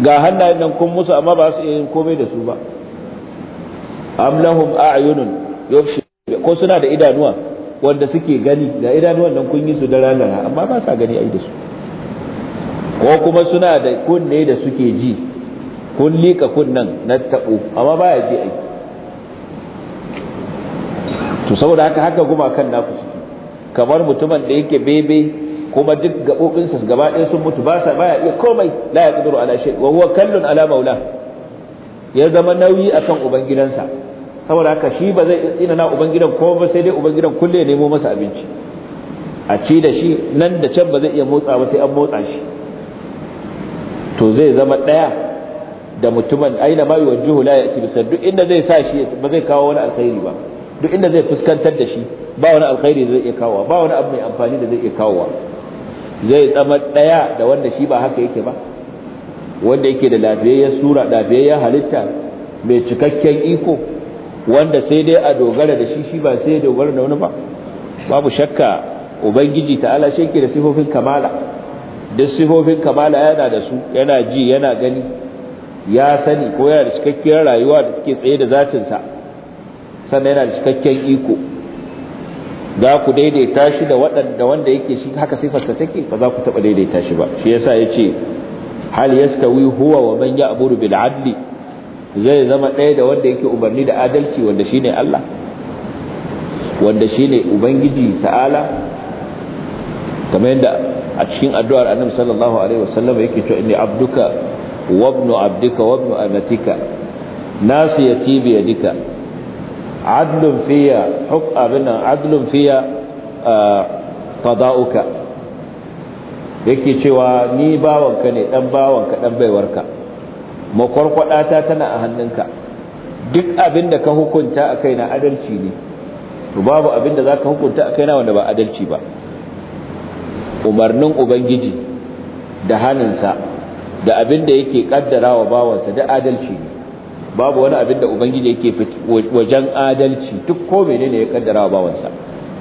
[SPEAKER 1] ga hannayen nan kun musu amma ba su iya yin komai da su ba am lahum a'yunun yubshu ko suna da idanuwa wanda suke gani da idanuwan nan kun yi su da rana amma ba sa gani ai da su ko kuma suna da kunne da suke ji kun lika kunnan na tabo amma ba ya ji ai to saboda haka haka guma kan naku suke kamar mutumin da yake bebe kuma duk sa gaba ɗaya sun mutu ba sa baya iya komai la ya qadiru ala shay wa huwa kallun ala maula ya zama nauyi akan ubangidansa saboda haka shi ba zai tsina na ubangidan ko ba sai dai ubangidan kulle ya nemo masa abinci a ci da shi nan da can ba zai iya motsa ba sai an motsa shi to zai zama daya da mutumin aina ma yuwajjuhu la ya'ti bi duk inda zai sa shi ba zai kawo wani alkhairi ba duk inda zai fuskantar da shi ba wani alkhairi zai iya kawowa ba wani abu mai amfani da zai iya kawowa zai zama daya da wanda shi ba haka yake ba wanda yake da lafiyayyar sura lafiyayyar halitta mai cikakken iko wanda sai dai a dogara da shi shi ba sai ya dogara da wani ba babu shakka ubangiji ta'ala shi yake da sifofin kamala duk sifofin kamala yana da su yana ji yana gani ya sani ko yana da cikakkiyar rayuwa da suke tsaye da zatinsa sannan yana da cikakken iko za ku daidaita shi da waɗanda wanda yake shi haka sifarsa take ba za ku taɓa daidaita shi ba shi yasa ya ce hal yastawi huwa wa man ya'budu bil adli zai zama ɗaya da wanda yake umarni da adalci wanda shine Allah wanda shine ubangiji ta'ala kamar yadda a cikin addu'ar annabi sallallahu alaihi wasallam yake cewa inni abduka wa ibnu abdika wa ibnu amatika nasiyati bi yadika adlun fiya huk abinan adlun fiya qada'uka yake cewa ni bawanka ne dan bawanka dan baiwarka makwarkwadata tana a hannunka duk abin da ka hukunta a kai na adalci ne to babu abin da za ka hukunta a kai na wanda ba adalci ba umarnin ubangiji da hannunsa da abin da yake kaddara wa bawansa da adalci ne babu wani abin da ubangiji yake wajen adalci duk ko menene ya kaddara wa bawansa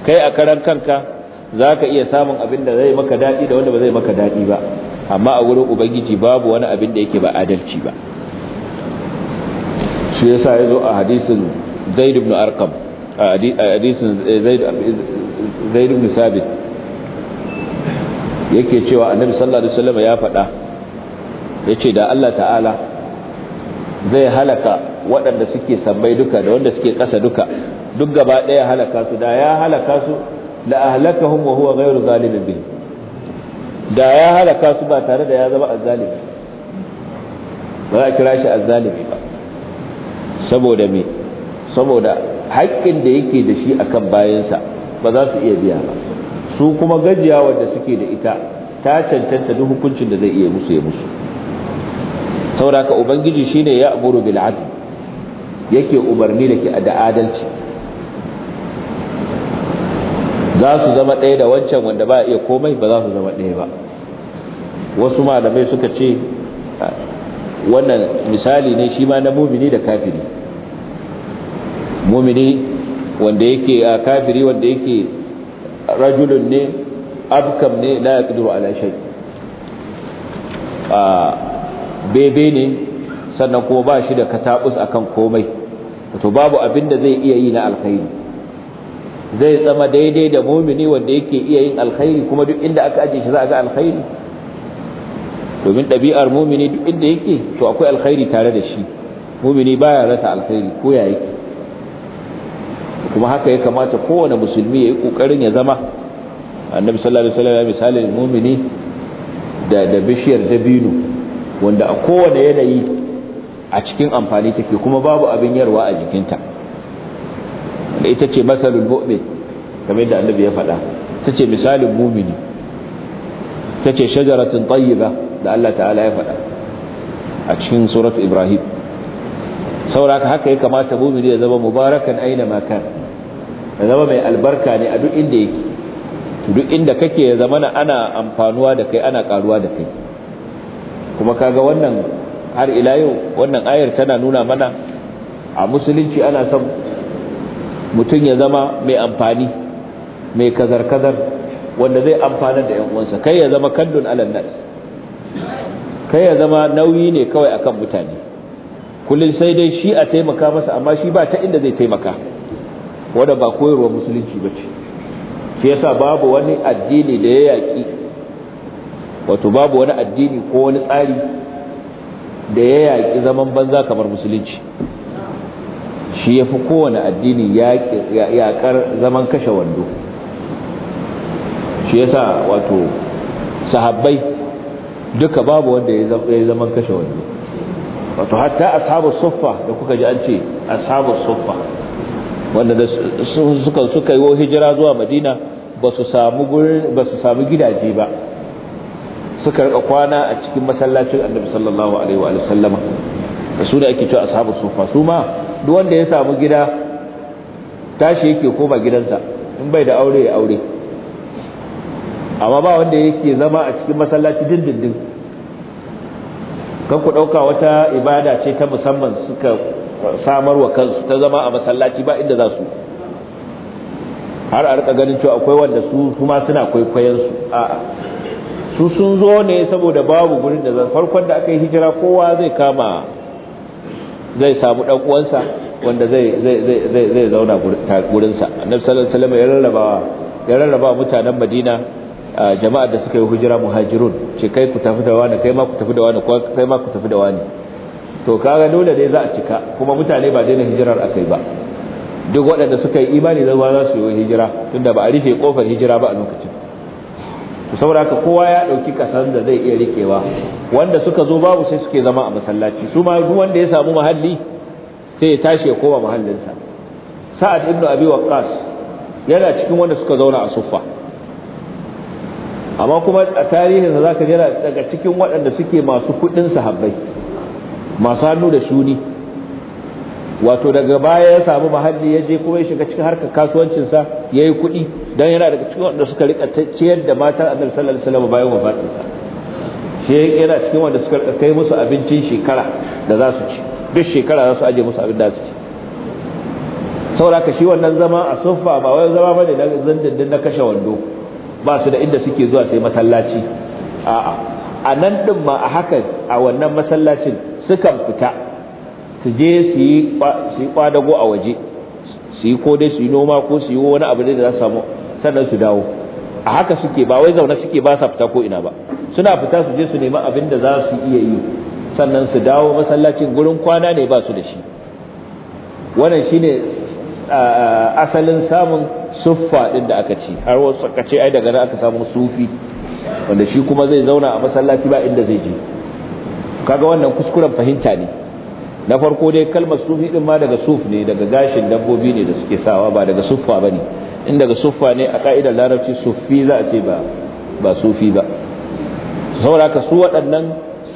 [SPEAKER 1] kai a karan kanka za ka iya samun abin da zai maka daɗi da wanda ba zai maka daɗi ba amma a wurin ubangiji babu wani abin da yake ba adalci ba shi yasa ya zo a hadisin zaid ibn arqam a hadisin zaid ibn sabit yake cewa annabi sallallahu alaihi wasallam ya faɗa yace da Allah ta'ala zai halaka waɗanda suke sammai duka da wanda suke ƙasa duka duk gaba ɗaya halaka su da ya halaka su la ahlakahum wa huwa ghayru zalimin bil da ya halaka su ba tare da ya zama azzalimi ba za a kira shi azzalimi ba saboda me saboda haƙƙin da yake da shi akan bayansa ba za su iya biya ba su kuma gajiya wanda suke da ita ta cancanta duk hukuncin da zai iya musu ya musu saboda ka ubangiji shine ya amuru bil adl yake umarni da da adalci za su zama ɗaya da wancan wanda ba iya komai ba za su zama ɗaya ba wasu malamai suka ce wannan misali ne shi ma na mumini da kafiri mumini wanda yake a kafiri wanda yake rajulun ne abkam ne la kuduru ala shai. a bebe ne sannan kuma ba shi da katabus akan komai Wato babu abin da zai iya yi na alkhairi zai zama daidai da mumini wanda yake iya yin alkhairi kuma duk inda aka ajiye shi za a ga alkhairi domin ɗabi'ar mumini duk inda yake to akwai alkhairi tare da shi mumini baya rasa alkhairi ko ya yake kuma haka ya kamata kowane musulmi ya yi ƙoƙarin ya zama annabi sallallahu alaihi wasallam misalin mumini da da bishiyar dabino wanda a kowane yanayi a cikin amfani take kuma babu abin yarwa a jikinta ita ce masalul mu'min kamar yadda annabi ya faɗa ta ce misalin mumini ta ce shajaratin tayyiba da Allah ta'ala ya faɗa a cikin surat ibrahim sauraka haka ya kamata mumini ya zama mubarakan aina makan ya zama mai albarka ne a duk inda yake duk inda kake ya zama ana amfanuwa da kai ana karuwa da kai kuma kaga wannan har ila yau wannan ayar tana nuna mana a musulunci ana son mutum ya zama mai amfani mai kazar-kazar wanda zai amfana da 'yan uwansa kai ya zama kandun alan kai ya zama nauyi ne kawai akan mutane kullum sai dai shi a taimaka masa amma shi ba ta inda zai taimaka wanda ba koyarwa musulunci ba ce shi yasa babu wani addini da ya yaƙi wato babu wani addini ko wani tsari da ya yaƙi zaman banza kamar musulunci shi ya fi kowane addini yaƙar zaman kashe wando shi ya sa wato sahabbai duka babu wanda ya zaman kashe wando wato hatta ashabu suffa da kuka ji an ce ashabu suffa wanda da suka yi yi hijira zuwa madina ba su samu gidaje ba suka rika kwana a cikin masallacin annabi sallallahu alaihi wa sallama da su da ake cewa ashabu sufa su ma duk wanda ya samu gida tashi yake koma gidansa in bai da aure ya aure amma ba wanda yake zama a cikin masallaci dindindin kan ku ɗauka wata ibada ce ta musamman suka samarwa kansu ta zama a masallaci ba inda za su har a rika ganin cewa akwai wanda su kuma suna su? a'a su sun zo ne saboda babu gurin da farkon da aka yi hijira kowa zai kama zai samu dan uwansa wanda zai zai zai zauna gurin sa annabi sallallahu alaihi wasallam ya rarraba ya rarraba mutanen Madina jama'a da suka yi hijira muhajirun ce kai ku tafi da wani kai ma ku tafi da wani kai ma ku tafi da wani to kaga dole dai za a cika kuma mutane ba daina hijirar akai ba duk waɗanda suka yi imani ba za su yi hijira tunda ba a rufe kofar hijira ba a lokacin saboda haka kowa ya ɗauki kasan da zai iya rikewa wanda suka zo babu sai suke zama a masallaci su ma duk wanda ya samu mahalli sai ya tashi ya koma mahallinsa sa'ad ibnu abi waqqas yana cikin wanda suka zauna a suffa amma kuma a tarihin da zaka jira daga cikin waɗanda suke masu kuɗin sahabbai masu hannu da shuni wato daga baya ya samu mahalli ya je kuma ya shiga cikin harkar kasuwancinsa ya yi kuɗi dan yana daga cikin wanda suka rika ciyar da matan annabi sallallahu alaihi wasallam bayan wafatinsa shi yana cikin wanda suka rika kai musu abincin shekara da za su ci duk shekara za su aje musu abin da su ci saboda ka shi wannan zama a sofa ba wai zama bane na zindindin na kashe wando ba su da inda suke zuwa sai masallaci a'a a nan din ma a haka a wannan masallacin sukan fita su je su yi kwadago a waje su yi ko dai su yi noma ko su yi wani abu da za su samu sannan su dawo a haka suke ba wai zaune suke ba sa fita ko ina ba suna fita su je su nemi abin da za su iya yi sannan su dawo masallacin gurin kwana ne ba su da shi wannan shine asalin samun suffa din da aka ci har wasu aka ce ai daga nan aka samu sufi wanda shi kuma zai zauna a masallaci ba inda zai je kaga wannan kuskuren fahimta ne na farko dai kalmar sufi din ma daga suf ne daga gashin dabbobi ne da suke sawa ba daga suffa bane in daga suffa ne a ka'idar larabci sufi za a ce ba ba sufi ba saboda ka su waɗannan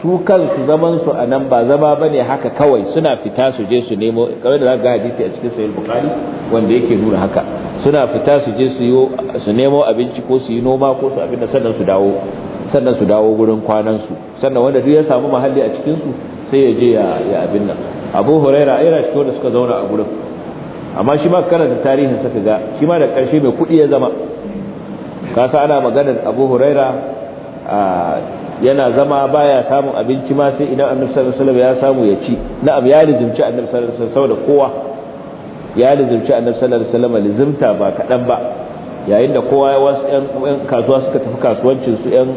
[SPEAKER 1] su kansu zaman su a nan ba zama ba ne haka kawai suna fita su je su nemo kawai da za ga hadisi a cikin sahih bukhari wanda yake nuna haka suna fita su je su su nemo abinci ko su yi noma ko su abin da sannan su dawo sannan su dawo gurin kwanan su sannan wanda duk ya samu mahalli a cikin su sai ya je ya abin nan abu huraira ai rashi da suka zauna a gurin amma shi ma karanta tarihin saka ga shi ma da ƙarshe mai kuɗi ya zama kasa ana maganar abu huraira yana zama baya samun abinci ma sai idan annabi sallallahu alaihi wasallam ya samu ya ci na'am ya lizumci annabi sallallahu alaihi wasallam da kowa ya lizumci annabi sallallahu alaihi wasallam lizumta ba kadan ba yayin da kowa ya wasu yan kasuwa suka tafi kasuwancin su yan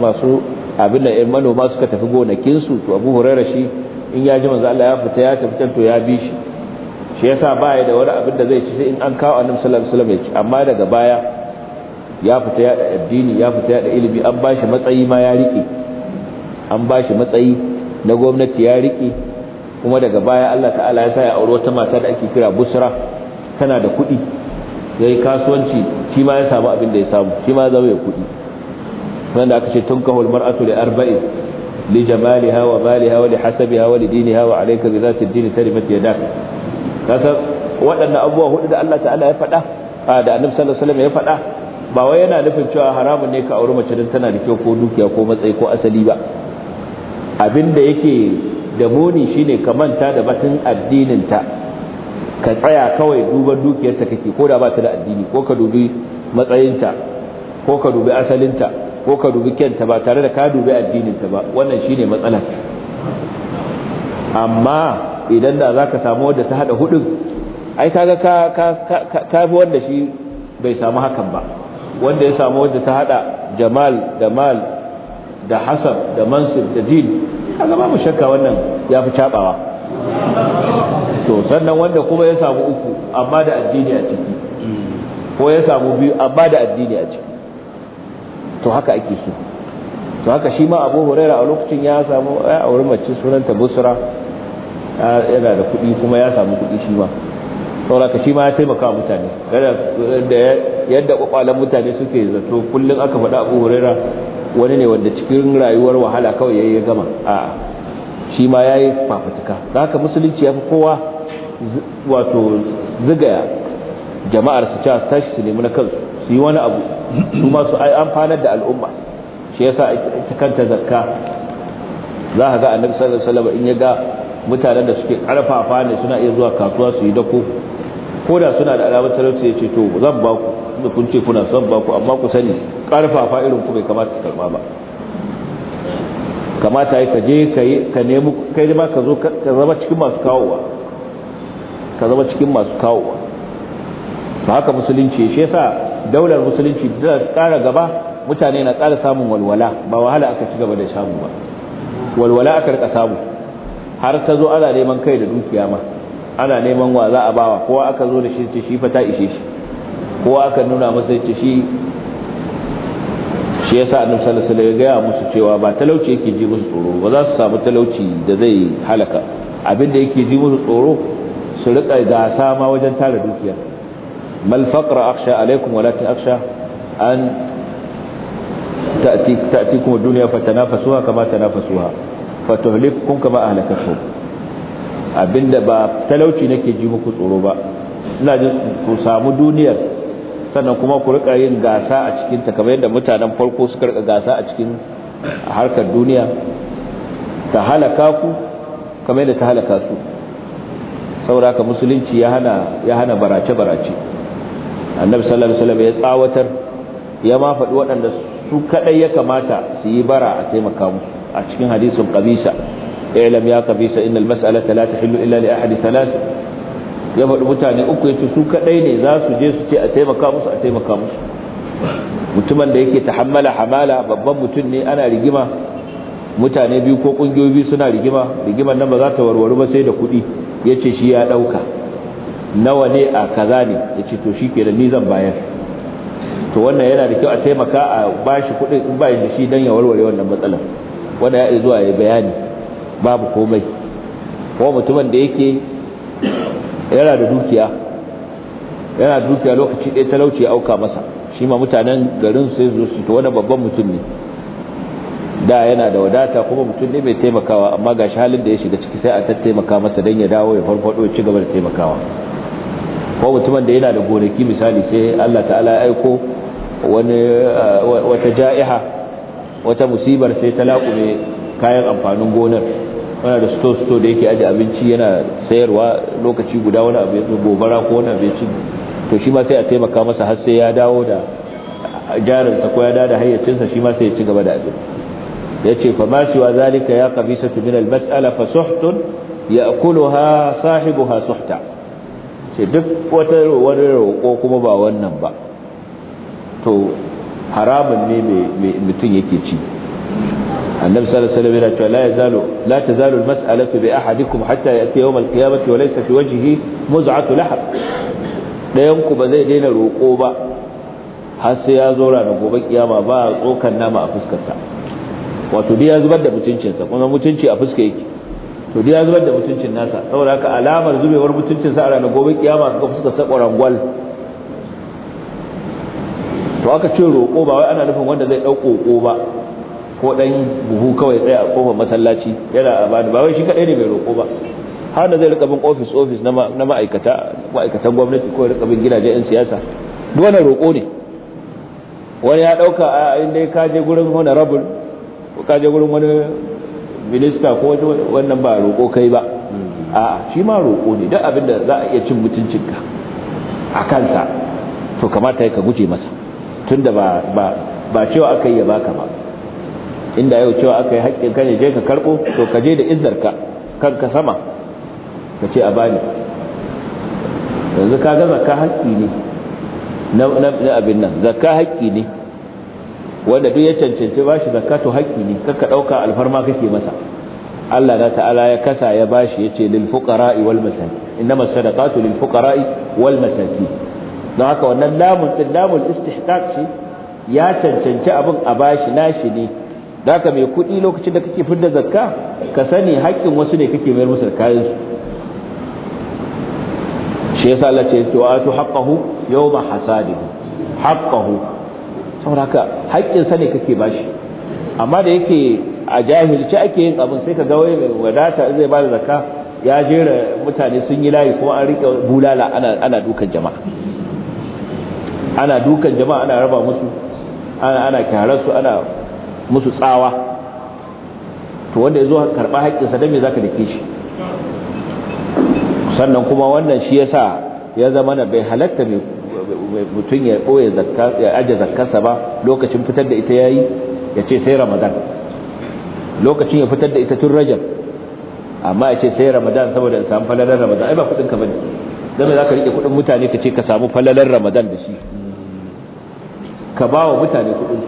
[SPEAKER 1] masu abin da yan manoma suka tafi gonakin su to Abu Hurairah shi in ya ji manzo Allah ya fita ya tafi to ya bi shi shi yasa baya da wani abin da zai ci sai in an kawo annabi sallallahu alaihi wasallam ya ci amma daga baya ya fita ya addini ya fita ya ilimi an bashi matsayi ma ya rike an bashi matsayi na gwamnati ya rike kuma daga baya Allah ta'ala ya sa ya auri wata mata da ake kira Busra tana da kuɗi yayi kasuwanci shi ma ya samu abin da ya samu shi ma zama ya kuɗi wanda aka ce tunkahul mar'atu li arba'in li jamaliha wa maliha wa li hasabiha wa li diniha wa alayka bi dhati ad-din tarimat yadak san waɗannan abubuwa hudu da Allah ta'ala ya faɗa da annabi sallallahu alaihi wasallam ya faɗa ba wai yana nufin cewa haramun ne ka auri mace don tana da kyau ko dukiya ko matsayi ko asali ba abin da yake da muni shine ka manta da batun addinin ta ka tsaya kawai duban dukiyarta kake ko da ba ta da addini ko ka dubi matsayinta ko ka dubi asalinta ko ka dubi kyanta ba tare da ka dubi addinin ta ba wannan shine matsalar amma idan da ka samu wanda ta hada hudun ai kaga ka ka ka fi wanda shi bai samu hakan ba wanda ya samu wanda ta hada jamal da mal da hasab da Mansur da din kaga ba mu shakka wannan ya fi cabawa to sannan wanda kuma ya samu uku amma da addini a ciki ko ya samu biyu amma da addini a ciki to haka ake so to haka shi ma abu huraira a lokacin ya samu a wurin mace sunanta busra yana da kuɗi kuma ya samu kuɗi shi ma sauraka shi ma ya taimaka mutane yadda kwakwalen mutane suke zato kullum aka faɗa abu hurera wani ne wanda cikin rayuwar wahala kawai ya yi gama a shi ma ya yi fafutuka da haka musulunci ya fi kowa wato zigaya jama'ar su ca tashi su nemi na kansu su yi wani abu su masu amfana da al'umma shi yasa ta kanta zakka za ka ga annabi sallallahu alaihi wasallam in ya ga mutanen da suke karfafa ne suna iya zuwa kasuwa su yi dako ko da suna da alamar talauci ya ce to zan ba ku da kun ce kuna zan ba ku amma ku sani karfafa irin ku bai kamata su karba ba kamata yi ka je ka nemi kai ma ka zo ka zama cikin masu kawowa ka zama cikin masu kawowa ba haka musulunci shi yasa daular musulunci da tsara gaba mutane na tsara samun walwala ba wahala aka ci gaba da samu ba walwala aka rika samu har ta zo ana neman kai da dukiya ma ana neman wa za a bawa kowa aka zo da shi ce shi fa ta ishe shi kowa aka nuna masa ta shi shi yasa annabi sallallahu alaihi wasallam ya gaya musu cewa ba talauci yake ji musu tsoro ba za su samu talauci da zai halaka abin da yake ji musu tsoro su rika gasa ma wajen tara dukiya mal faqra akhsha alaikum walakin akhsha an ta'ti ta'tikum ad-dunya fatanafasuha kama tanafasuha kun kama ahlakatuhum abinda ba talauci nake ji muku tsoro ba ina jin ku samu duniyar sannan kuma ku rika yin gasa a cikin ta kamar yadda mutanen farko suka rika gasa a cikin harkar duniya ta halaka ku kamar yadda ta halaka su saboda ka musulunci ya hana ya hana barace barace annabi sallallahu alaihi wasallam ya tsawatar ya ma faɗi waɗanda su kadai ya kamata su yi bara a taimaka musu a cikin hadisin kabisa, i'lam eh, ya qabisa innal mas'alata la tahillu illa li ahadi thalath ya faɗi mutane uku yace su kadai ne za su je su ce a taimaka musu a taimaka musu mutumin da yake tahammala hamala babban mutum ne ana rigima mutane biyu ko kungiyoyi biyu suna rigima rigiman nan ba za ta warware ba sai da kuɗi yace shi ya ɗauka nawa ne a kaza ne yace to shi ke da ni zan bayar to wannan yana da kyau a taimaka a bashi kuɗin in ba shi dan ya warware wannan matsalar wanda ya zuwa ya bayani babu komai kuma mutumin da yake yana da dukiya yana da dukiya lokaci ɗaya talauci ya auka masa shi ma mutanen garin sai zo su wani babban mutum ne da yana da wadata kuma mutum ne mai taimakawa amma ga shi halin da ya shiga ciki sai a tattaimaka masa don ya dawo ya farfado ya ci gaba da taimakawa ko mutumin da yana da gonaki misali sai Allah ta'ala ya aiko wani wata ja'iha wata musibar sai ta laƙume kayan amfanin gonar yana da sto-sto da yake ajiye abinci yana sayarwa lokaci guda wani abu gobara ko wani abinci to shi ma sai a taimaka masa har sai ya dawo da jarinsa ko ya dawo da hayyacinsa shi ma sai ya ci gaba da abin ya ce fa ma shi wa zalika ya qabisa min al mas'ala fa suhtun sahibu ha suhta ce duk wata wani roƙo kuma ba wannan ba to haramun ne mutum yake ci annabi sallallahu alaihi wasallam yana cewa la yazalu la tazalu almas'alatu bi ahadikum hatta yati yawm alqiyamati wa laysa fi wajhihi muz'atu lahab dayan ku ba zai daina roko ba har sai ya zo ranar gobe kiyama ba tsokan nama a wato dai ya zubar da kuma mutunci a fuska yake to dai ya zubar da mutuncin nasa saboda haka alamar zubewar mutuncinsa a ranar gobe kiyama ga fuskar sa to aka ce roƙo ba wai ana nufin wanda zai ɗauko ko ba ko ɗan buhu kawai tsaye a ƙofar masallaci yana a bani ba wai shi kaɗai ne mai roƙo ba har da zai rika bin ofis ofis na ma'aikata ma'aikatan gwamnati ko rikabin gidajen 'yan siyasa duk wani roƙo ne wani ya ɗauka a inda ka je gurin honorable ko ka je gurin wani minista ko wannan ba roƙo kai ba mm-hmm. a shi ma roƙo ne duk abin da za a iya cin mutuncinka a kansa to kamata ya ka guje masa tunda ba ba ba cewa aka yi ya baka ba inda yau cewa aka yi haƙƙin ka ne je ka karɓo to ka je da izzar ka kanka sama ka ce a bani yanzu ka ga zakka haƙƙi ne na abin nan zakka haƙƙi ne wanda duk ya cancanci bashi zakka to haƙƙi ne kanka ɗauka alfarma kake masa Allah na ta'ala ya kasa ya bashi ya ce, lil fuqara'i wal masakin innamas sadaqatu lil fuqara'i wal masakin don haka wannan lamun din lamun istihqaq ce ya cancanci abin a bashi nashi ne da haka mai kuɗi lokacin da kake fidda zakka ka sani haƙƙin wasu ne kake mayar musu kayan su shi yasa Allah ce to atu haqqahu yawma hasadihi haqqahu saboda haka haƙƙin sa ne kake bashi amma da yake a jahilci ake yin abin sai ka ga wai wadata zai ba da zakka ya jera mutane sun yi layi ko an rike bulala ana dukan jama'a ana dukan jama'a ana raba musu ana ana kyararsu ana musu tsawa to wanda ya zo karɓa haƙƙinsa don me za ka dake shi sannan kuma wannan shi yasa ya zama na bai halatta mutum ya ɓoye ya aje zakkarsa ba lokacin fitar da ita ya yi ya ce sai ramadan lokacin ya fitar da ita tun rajab amma ya ce sai ramadan saboda in samu falalar ramadan ai ba kuɗinka ka bane zama za ka riƙe kuɗin mutane ka ce ka samu falalar ramadan da shi ka ba wa mutane kuɗin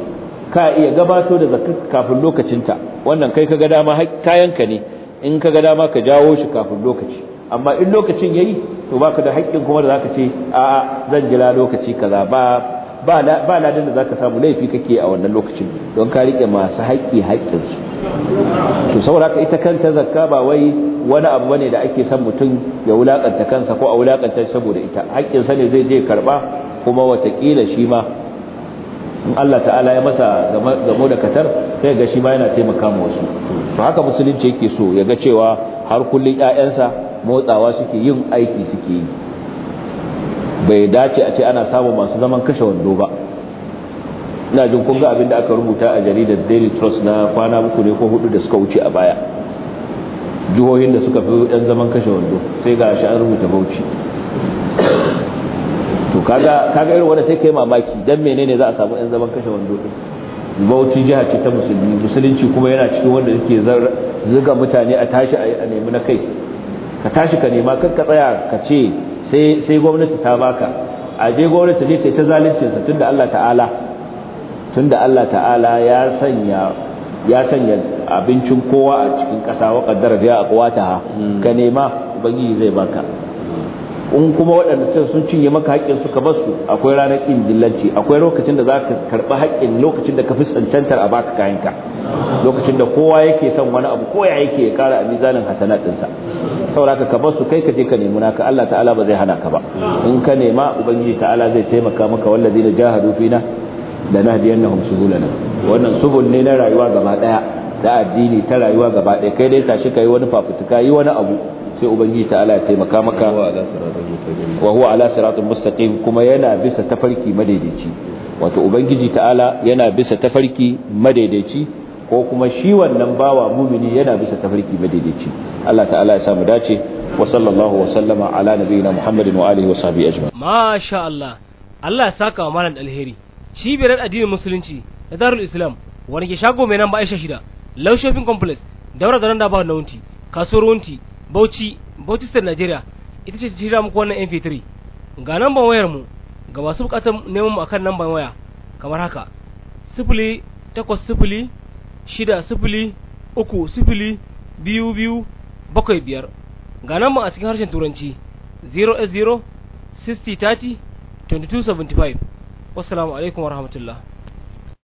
[SPEAKER 1] ka iya gabato da zakat kafin lokacinta wannan kai kaga dama kayan ka ne in kaga dama ka jawo shi kafin lokaci amma in lokacin yayi to baka da haƙƙin kuma da zaka ce a zan jira lokaci kaza ba ba ladan da zaka samu laifi kake a wannan lokacin don ka rike masu haƙƙi haƙƙin su to saboda ita kanta zakka ba wai wani abu bane da ake san mutum ya wulakanta kansa ko a wulakanta saboda ita haƙƙin sa ne zai je karba kuma watakila shi ma in Allah ta'ala ya masa gamo da katar sai ga shi ma yana taimaka ma wasu to haka musulunci yake so ya ga cewa har kullun ƴaƴansa motsawa suke yin aiki suke yi bai dace a ce ana samun masu zaman kashe wando ba ina jin kun ga abin da aka rubuta a jaridar Daily Trust na kwana uku ne ko hudu da suka wuce a baya jihohin da suka fi yan zaman kashe wando sai ga shi an rubuta Bauchi to kaga kaga irin wanda sai kai mamaki dan menene za a samu yan zaman kashe wando din bauchi jiha ce ta musulmi musulunci kuma yana cikin wanda yake zuga mutane a tashi a nemi na kai ka tashi ka nema kan ka tsaya ka ce sai sai gwamnati ta baka a je gwamnati ne ta zalunci sa tunda Allah ta'ala tunda Allah ta'ala ya sanya ya sanya abincin kowa a cikin ƙasa wa qaddara ja aqwataha hmm. ka nema ubangiji zai baka in kuma waɗanda sun cinye maka haƙƙin ka basu akwai ranar ƙin dillanci akwai lokacin da za ka karɓi haƙƙin lokacin da ka fi cancantar a baka kayanka lokacin da kowa yake son wani abu ko ya yake ya kara a mizanin hasanat ɗinsa saboda ka basu kai ka je ka nemi naka Allah ta'ala ba zai hana ka ba in ka nema ubangiji ta'ala zai taimaka maka wallazi na jahadu fina da nahdiyannahum subulana wannan subul ne na rayuwa gaba daya da addini ta rayuwa gaba daya kai dai tashi kai wani fafutuka yi wani abu sai ubangiji ta'ala ya taimaka maka wa huwa ala siratin mustaqim kuma yana bisa tafarki madaidaici wato ubangiji ta'ala yana bisa tafarki madaidaici ko kuma shi wannan bawa mumini yana bisa tafarki madaidaici Allah ta'ala ya samu dace wa sallallahu wa sallama ala nabiyina Muhammadin wa alihi wa sahbihi ajma'in masha Allah Allah ya saka wa malam alheri cibiyar addinin musulunci da darul islam wani ke shago mai nan ba aisha shida laushofin complex daura da nan da ba na wunti kasuwar wunti bauchi bauchi state nigeria ita ce jira muku wannan mp3 ga namban wayar mu ga masu bukatar neman mu akan namban waya kamar haka sifili takwas sifili shida sifili uku sifili biyu biyu bakwai biyar ga namban a cikin harshen turanci 0 2275 60 30 wassalamu alaikum warahmatullahi